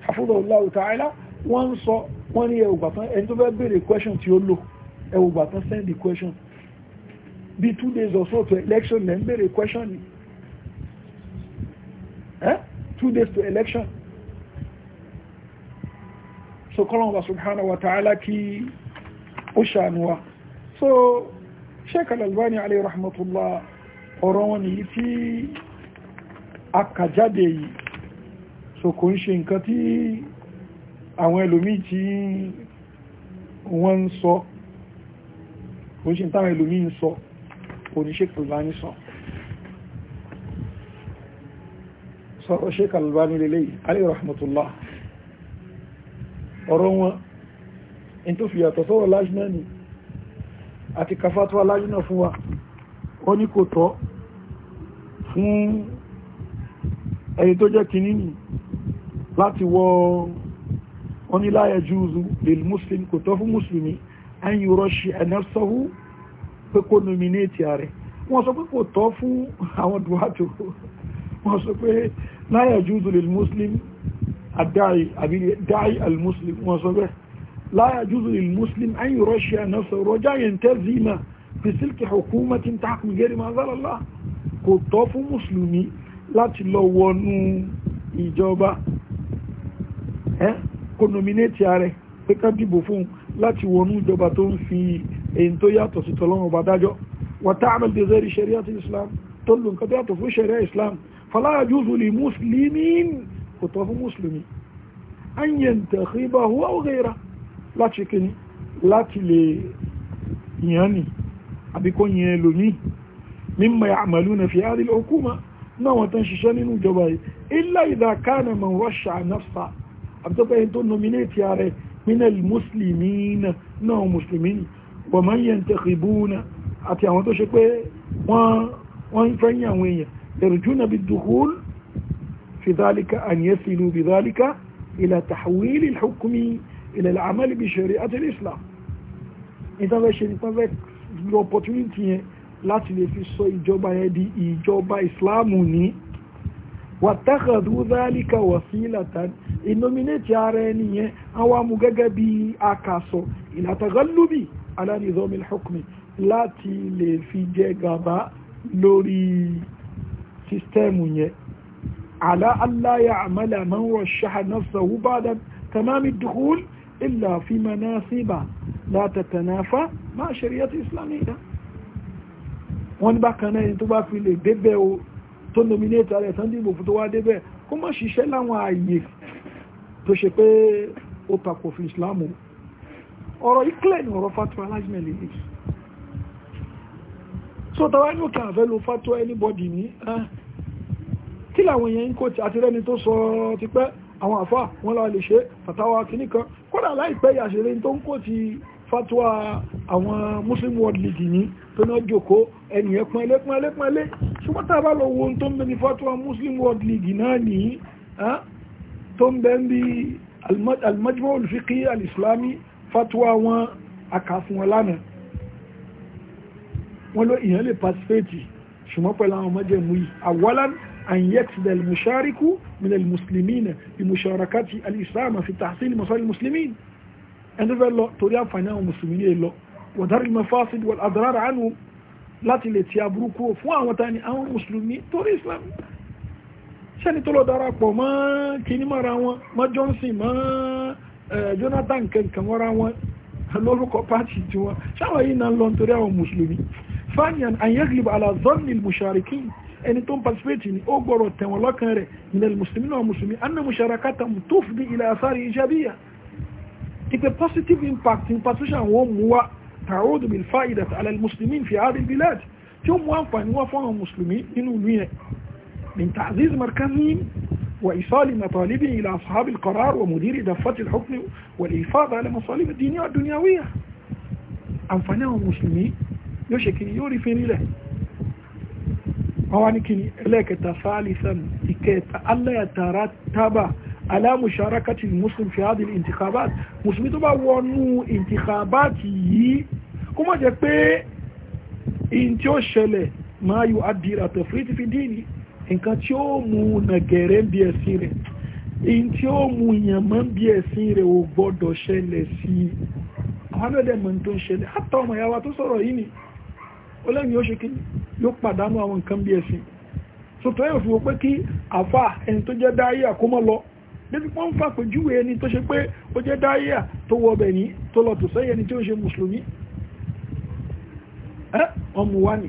hafizahullahu ta'ala wọ́n ń sọ wọ́n ní ẹwùgbà tán ẹni tó fẹ́ Be two days or so to election lẹ́ ń bèèrè question ni eh? two days to election so kọ́lọ́n wa subhanahu wa ta'ala kí ó ṣàánú so sheik al-albani alayhi rahmatullah ọ̀rọ̀ wọn ni tí a kà jáde yìí so kò ń ṣe nǹkan tí àwọn ẹlòmí tí wọ́n ń sọ kò ń ṣe táwọn ẹlòmí ń sọ oníṣẹ́ Albani sọ sọ̀rọ̀ Sheikh Albani lélẹ́ yìí alayhi rahmatullah ọ̀rọ̀ wọn in tó fi yàtọ̀ sọ́rọ̀ lájúná ni àti kafatuwa lájúná fún wa ó ní kò tọ́ fún ẹni tó jẹ́ kìíní ni láti wọ oníláyẹ̀ jùzù lil muslim kò tọ́ fún musulmi an yurashia nafsahu pé kó nominate ààrẹ wọ́n sọ pé kò tọ́ fún àwọn duwato wọ́n sọ pé láyà júùdù lè muslim àdáyì àbí dáyì al-muslim wọ́n sọ bẹ́ẹ̀ láyà júùdù lè muslim ayin russia náà sọ rọjá yẹn tẹ́ zima fi sílkì hukumati takun gẹ́rì máa zára lá kò tọ́ fún musulmi láti lọ wọnú ìjọba kò nominate ààrẹ pé ká dìbò fún láti wọnú ìjọba tó ń fi èyí tó yàtọ̀ sí tọ́lọ́wọ́ bá dájọ́ wàtàmàl bí zẹ́rì sharia ti islam tó lù nǹkan tó yàtọ̀ fún sharia islam fala yajuzu li muslimin kò tọ́ fún mùsùlùmí an yantakhibahu aw ghayrahu láti kíni láti lè yàn ní àbí kó yàn ẹlòmíì mimma ya'maluna fi hadhihi al-hukuma náà wọ́n náà mùsùlùmí wa man yantakhibuna àti àwọn tó ṣe pé wọ́n ń fẹ́yìn àwọn èèyàn yarjuna bid-dukhul fi dhalika an yasilu bi dhalika ila tahwil al-hukmi ila al-amal bi shari'ati al-islam ìtànfẹ́ ṣe nípa fẹ́ lo opportunity yẹn láti lè fi sọ wàtàkàdù dhalika wasilatan ìnominate ara ẹni yẹn àwọn gẹ́gẹ́ bí akàsọ ìlàtàgọ́lùbì alárìzọ́mí hukmi láti lè fi jẹ gàbá lórí sístẹ́mù yẹn àlá aláyà àmàlà máa ń rọ̀ṣà nafsahu ba'da tamami dukhul illa fi manasiba la tatanafa ma'a shari'ati islamiyya wọ́n ní bákan náà ẹni tó bá fi lè débẹ̀ o tó nominate ààrẹ tán dìbò fún tó wá débẹ̀ kó má ṣiṣẹ́ láwọn ààyè tó ṣe pé ó takò fi islam o ọ̀rọ̀ ìkílẹ̀ ní ọ̀rọ̀ fatwa alájìmẹ̀lẹ̀ yìí so tàwa ní òkè àfẹ́ lo fatwa anybody ní kí làwọn èèyàn ń kó ti àtìrẹ́ni tó sọ ti pẹ́ àwọn àfà wọn lọ lè ṣe fatawa kìíní kan kódà láìpẹ́ yàṣẹ̀rẹ́ tó ń kó ti fatwa àwọn Muslim World League ní tó náà jòkó ẹnìyẹn pọ́nlé pọ́nlé pọ́nlé ṣùgbọ́n tá a bá lọ wo ohun tó ń bẹ ní fatwa Muslim World League náà nìyí tó ń bẹ ń bí al-Majma' al-Fiqhi al-Islami fatuwa wọn akàfún wọn lánàá wọn ló ìyẹn lè pàṣípẹ́ẹ̀tì ṣùgbọ́n pẹ̀lú àwọn ọmọdéẹ̀mú yìí àwọlán àyẹ̀tìdà ìmùsáríkú minal muslimina ìmùsárakàtì alìsàmà fi tàṣílì masọ́lì muslimin ẹni fẹ́ lọ torí àǹfààní àwọn mùsùlùmí ní èlọ wọ̀dárì mafasid wal adrar anhum láti lè ti aburú kúrò fún àwọn tani àwọn mùsùlùmí torí islam sẹ́ni tó lọ darapọ̀ mọ́ kìíní mara wọn mọ́ johnson mọ́ Eh, Jonathan kankan wọ́ra wọn lórúkọ pàtì tí wọ́n ṣáwọn yìí náà lọ nítorí àwọn mùsùlùmí fanyan anyagliba alazọ́nì musharikin ẹni tó ń participate ní ó gbọ́rọ̀ tẹ̀wọ̀n lọ́kàn rẹ̀ ìnà mùsùlùmí náà mùsùlùmí anna musharakata tufdi ila asari ijabiya ipe positive impact in participation wọn mú wa tààrọ́dù bil fa'idat ala muslimin fi hadhihi albilad tí ó mú àǹfààní wá fún àwọn mùsùlùmí nínú ìlú yẹn min ta'ziz markazihim وإيصال مطالبه إلى أصحاب القرار ومدير دفة الحكم والإفاض على مصالب الدينية والدنيوية أنفناه المسلمين يشكي يوري له الله كني لك ثالثا إكيت ألا يترتب على مشاركة المسلم في هذه الانتخابات مسلمي تبا ونو انتخاباتي كما جاك بي انتو الشلي ما يؤدي إلى تفريط في ديني nǹkan tí ó mú nàgẹ̀rẹ́ ń bí ẹ̀sìn rẹ̀ èyí tí ó mú yàn mọ́ ń bí ẹ̀sìn rẹ̀ ò gbọ́dọ̀ ṣẹlẹ̀ sí i àwọn náà dẹ̀ mọ̀ tó ń ṣẹlẹ̀ àtà ọmọ ìyá tó sọ̀rọ̀ yìí ni ó lẹ́yìn ó ṣe kí yóò pàdánù àwọn nǹkan bí ẹ̀sìn so yóò fi wo pé kí àfa ẹni tó jẹ́ dáyà kó lọ débi pọ́n fà pé ẹni tó ṣe pé ó jẹ́ dáyà tó wọ ọbẹ̀ ní tó lọ tòṣẹ́yẹ ẹni tí ó ṣe mùsùlùmí ẹ́ ọmọ wa ni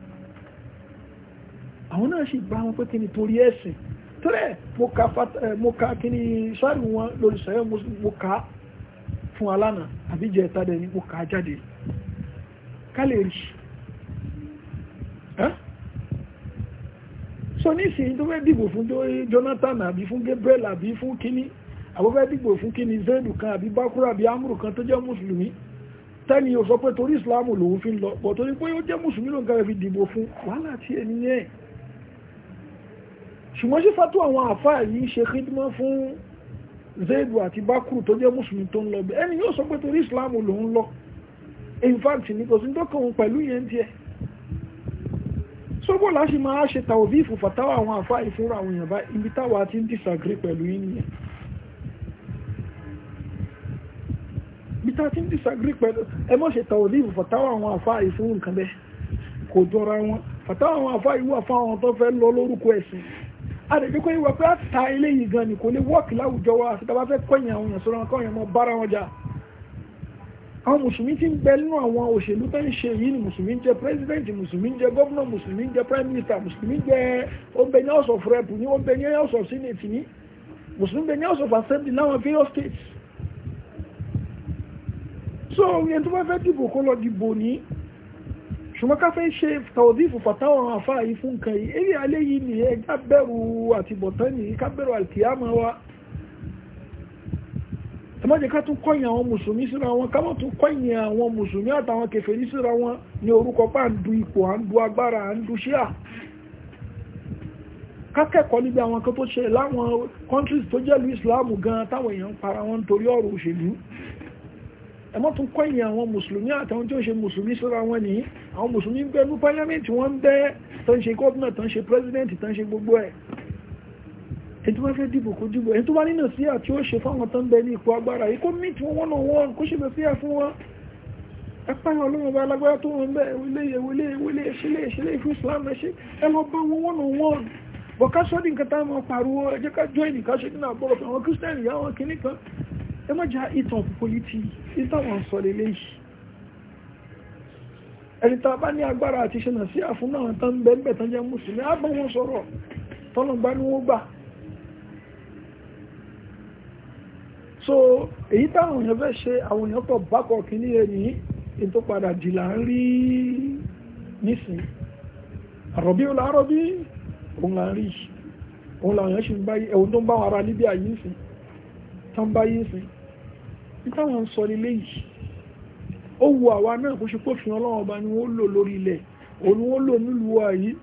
àwọn náà sì bá wọn pé kí ni torí ẹ̀sìn tẹ́lẹ̀ eh, mo ka kí ni sáré wọn lórí sẹ́yìn mo ka fún alánà àbíjẹ ìtàdẹ̀ ni mo ka jáde ká lè rí so nísìnyí tó fẹ́ dìbò fún Jonathan àbí fún Gabriel àbí fún kíní àwọn fẹ́ dìbò fún kíní Zaidu kan àbí Bakura àbí Amuru kan tó jẹ́ mùsùlùmí tẹ́ni o sọ pé torí Islamu lòun fi ń lọ pọ̀ torí pé ó jẹ́ mùsùlùmí lòun kẹrẹ fi dìbò fún wàhálà tí ẹni ṣùgbọ́n ṣe fatu àwọn àfáà yìí ṣe khidma fún zaidu àti bakuru tó jẹ́ mùsùlùmí tó ń lọ bẹ́ẹ̀ ẹni yóò sọ pé torí islam ló ń lọ in fact ní kò sí ní dọ́kàn òun pẹ̀lú yẹn tiẹ̀ sọ́bọ̀ láti máa ṣe tàwọ̀bífù fàtàwà àwọn àfáà ìfúnra àwọn èèyàn bá ibi táwa ti ń disagree pẹ̀lú yín nìyẹn ibi tá a ti ń disagree pẹ̀lú ẹ mọ̀ ṣe tàwọ̀bífù fàtàwà àwọn àfáà ìfúnra nǹkan bẹ́ẹ̀ kò jọra wọn fàtàwà àwọn àfáà ìwà fáwọn tó fẹ́ lọ lórúkọ ẹ̀sìn àdèjì pé ìwà pé àta eléyìí gan ni kò lè wọ́ọ̀kì láwùjọ wa àti tàbá fẹ́ kọ́yìn àwọn èèyàn sọ́rọ̀ kọ́yìn ọmọ bára wọn jà àwọn mùsùlùmí ti ń bẹ nínú àwọn òṣèlú tó ń ṣe yìí ni mùsùlùmí ń jẹ president mùsùlùmí ń jẹ governor mùsùlùmí ń jẹ prime minister mùsùlùmí ń jẹ ọbẹ ní house of rep ní ọbẹ ní house of senate ní mùsùlùmí bẹ ní house láwọn various states so ẹni tó bá fẹ́ dìbò kó lọ dìbò ní ṣùgbọ́n ká fẹ́ ṣe tàwọ̀dífù fàtàwọn àfáà yìí fún nǹkan yìí eré alẹ́ yìí ni ẹ ká bẹ̀rù àtìbọ̀tán nìyí ká wa ẹ má jẹ́ ká tún kọ́yìn àwọn mùsùlùmí síra wọn ká má tún kọ́yìn àwọn mùsùlùmí àtàwọn kèfèrí síra wọn ní orúkọ pà ń du ipò à ń du agbára à ń du ṣíà ká kẹ́kọ̀ọ́ níbi àwọn kan tó ṣe láwọn countries tó jẹ́lu ìsìláàmù gan táwọn èèyàn para wọn nítorí ọ̀rọ̀ òṣèlú ẹ mọ́ tún kọ́yìn àwọn mùsùlùmí àtàwọn tí ó ń ṣe mùsùlùmí sọ́ra wọn nìyí àwọn mùsùlùmí ń bẹ ní pálíámẹ́ǹtì wọ́n ń bẹ tó ń ṣe gọ́ọ̀nà tó ń ṣe pírẹ́sidẹ́ǹtì tó ń ṣe gbogbo ẹ̀ ẹni tó bá fẹ́ dìbò kó dìbò ẹni tó bá nínú síyà tí ó ṣe fáwọn tó ń bẹ ní ipò agbára yìí kó mí tí wọ́n náà wọ́n kó ṣe síyà fún wọn ẹpá yẹn ọlọ́run bá alágbára tó wọn bẹ́ẹ̀ wílé ìwílé ìwílé ìṣílé ìṣílé ìfún Islam ẹ ṣe ẹ lọ bá wọn wọ́n náà wọ́n bọ̀ká sọ́dí nǹkan táwọn pariwo ẹ jẹ́ ká join nǹkan ṣe nínú àgbọ̀rọ̀ àwọn Christian ìyá wọn kìíní ẹ má já ìtàn òkùnkùn yìí ti sí táwọn sọ lélẹ́ yìí ẹni tá a bá ní agbára àti ṣe nà sí àfún náà tán bẹ́ẹ̀ tán jẹ́ mùsùlùmí á bá wọn sọ̀rọ̀ tọ́nà gbá ní wọ́n gbà so èyí táwọn èèyàn fẹ́ ṣe àwọn èèyàn pọ̀ bákọ̀ kìíní ẹ̀yìn ètò padà jìlá ń rí nísìn àrọ̀bí ọ̀la àrọ̀bí òun là ń rí òun làwọn èèyàn ṣe ń báyìí ẹ̀wọ̀n tó ń bá wọn ara níbi àyíǹsìn tán bá yé sìn nítawọn ń sọ nílé yìí ó wu àwa náà bó ṣe pófin ọlọ́wọ́n ọba ni wọ́n lò lórí ilẹ̀ òun ni wọ́n lò nílùú wa yìí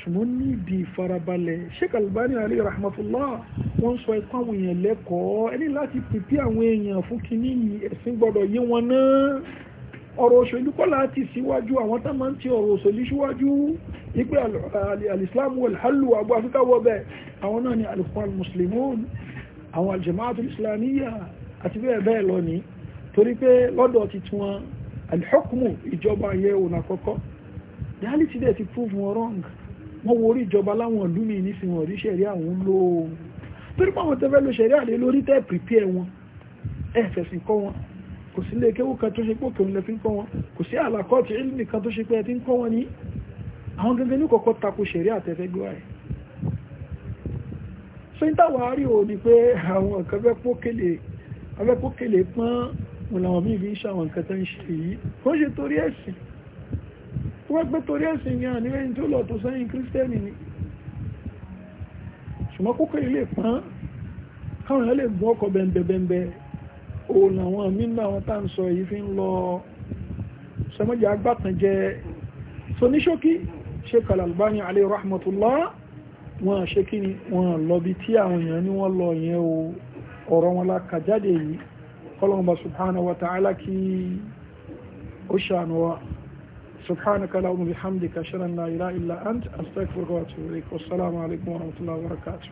ṣùgbọ́n ní ìdí ìfarabalẹ̀ Sheikh Albani alayhi rahmatullah wọ́n sọ ipá àwọn èèyàn lẹ́kọ̀ọ́ ẹni láti pèpè àwọn èèyàn fún kínní yìí ẹ̀sìn gbọ́dọ̀ yé wọn náà ọ̀rọ̀ òṣèlú kọ́ láti síwájú àwọn tá máa ń ti ọ̀rọ̀ òṣèlú síwájú wípé alìsílámù wal hallu àbú afíkà wọ́bẹ̀ àwọn náà ni alìkọ́ alìmùsùlùmí àwọn aljamaatul islamiyya àti bẹ́ẹ̀ bẹ́ẹ̀ lọ ní torí pé lọ́dọ̀ ti tún wọn alhukmu ìjọba yẹn òun àkọ́kọ́ reality dẹ̀ ti prove wọn wrong wọ́n wo orí ìjọba láwọn ìlú mi ní sinwọ̀n rí ṣẹ̀rí àwọn lò ó torí pé àwọn tẹ́fẹ́ ló ṣẹ̀rí àlè lórí tẹ́ prepare wọn ẹ̀ fẹ̀sìn kọ́ wọn kò sí ilé kéwú kan tó ṣe pé òkè òun fi ń kọ́ wọn kò sí àlàkọ́ọ̀tì ìlú nìkan tó ṣe pé ẹ ti ń kọ́ wọn ní àwọn gẹ́gẹ́ ní kọ̀ọ̀kan tako ṣẹ̀rí àtẹ́fẹ́ gbọ́ ẹ̀ so ní táwọn àárí ò ní pé àwọn nǹkan fẹ́ pókèlè pọ́n òlàwọ̀n míì fi ń ṣàwọn nǹkan tó ń ṣe yìí kó ṣe torí ẹ̀sìn tó wọ́n pẹ́ torí ẹ̀sìn ni àníwẹ̀ ní tó lọ tó sẹ́yìn kírísítẹ́nì ni ṣùgbọ́n pókèlè lè pọ́n káwọn èèyàn lè gun ọkọ̀ bẹ̀m̀bẹ̀m̀bẹ̀ òlàwọ̀n míì náà wọn tá ń sọ yìí fi ń lọ sọmọ́jà agbátanjẹ alayhi rahmatullah wọ́n ṣe kí ni wọ́n lọ bí tí àwọn èèyàn ní wọ́n lọ yẹn o ọ̀rọ̀ wọn la kà jáde yìí ọlọ́run bá subhanahu wa ta'ala kí ó ṣàánú wa subhanaka lahum bihamdika sharan la ilaha illa ant astaghfiruka wa atubu ilayk wassalamu alaikum wa rahmatullahi wa barakatuh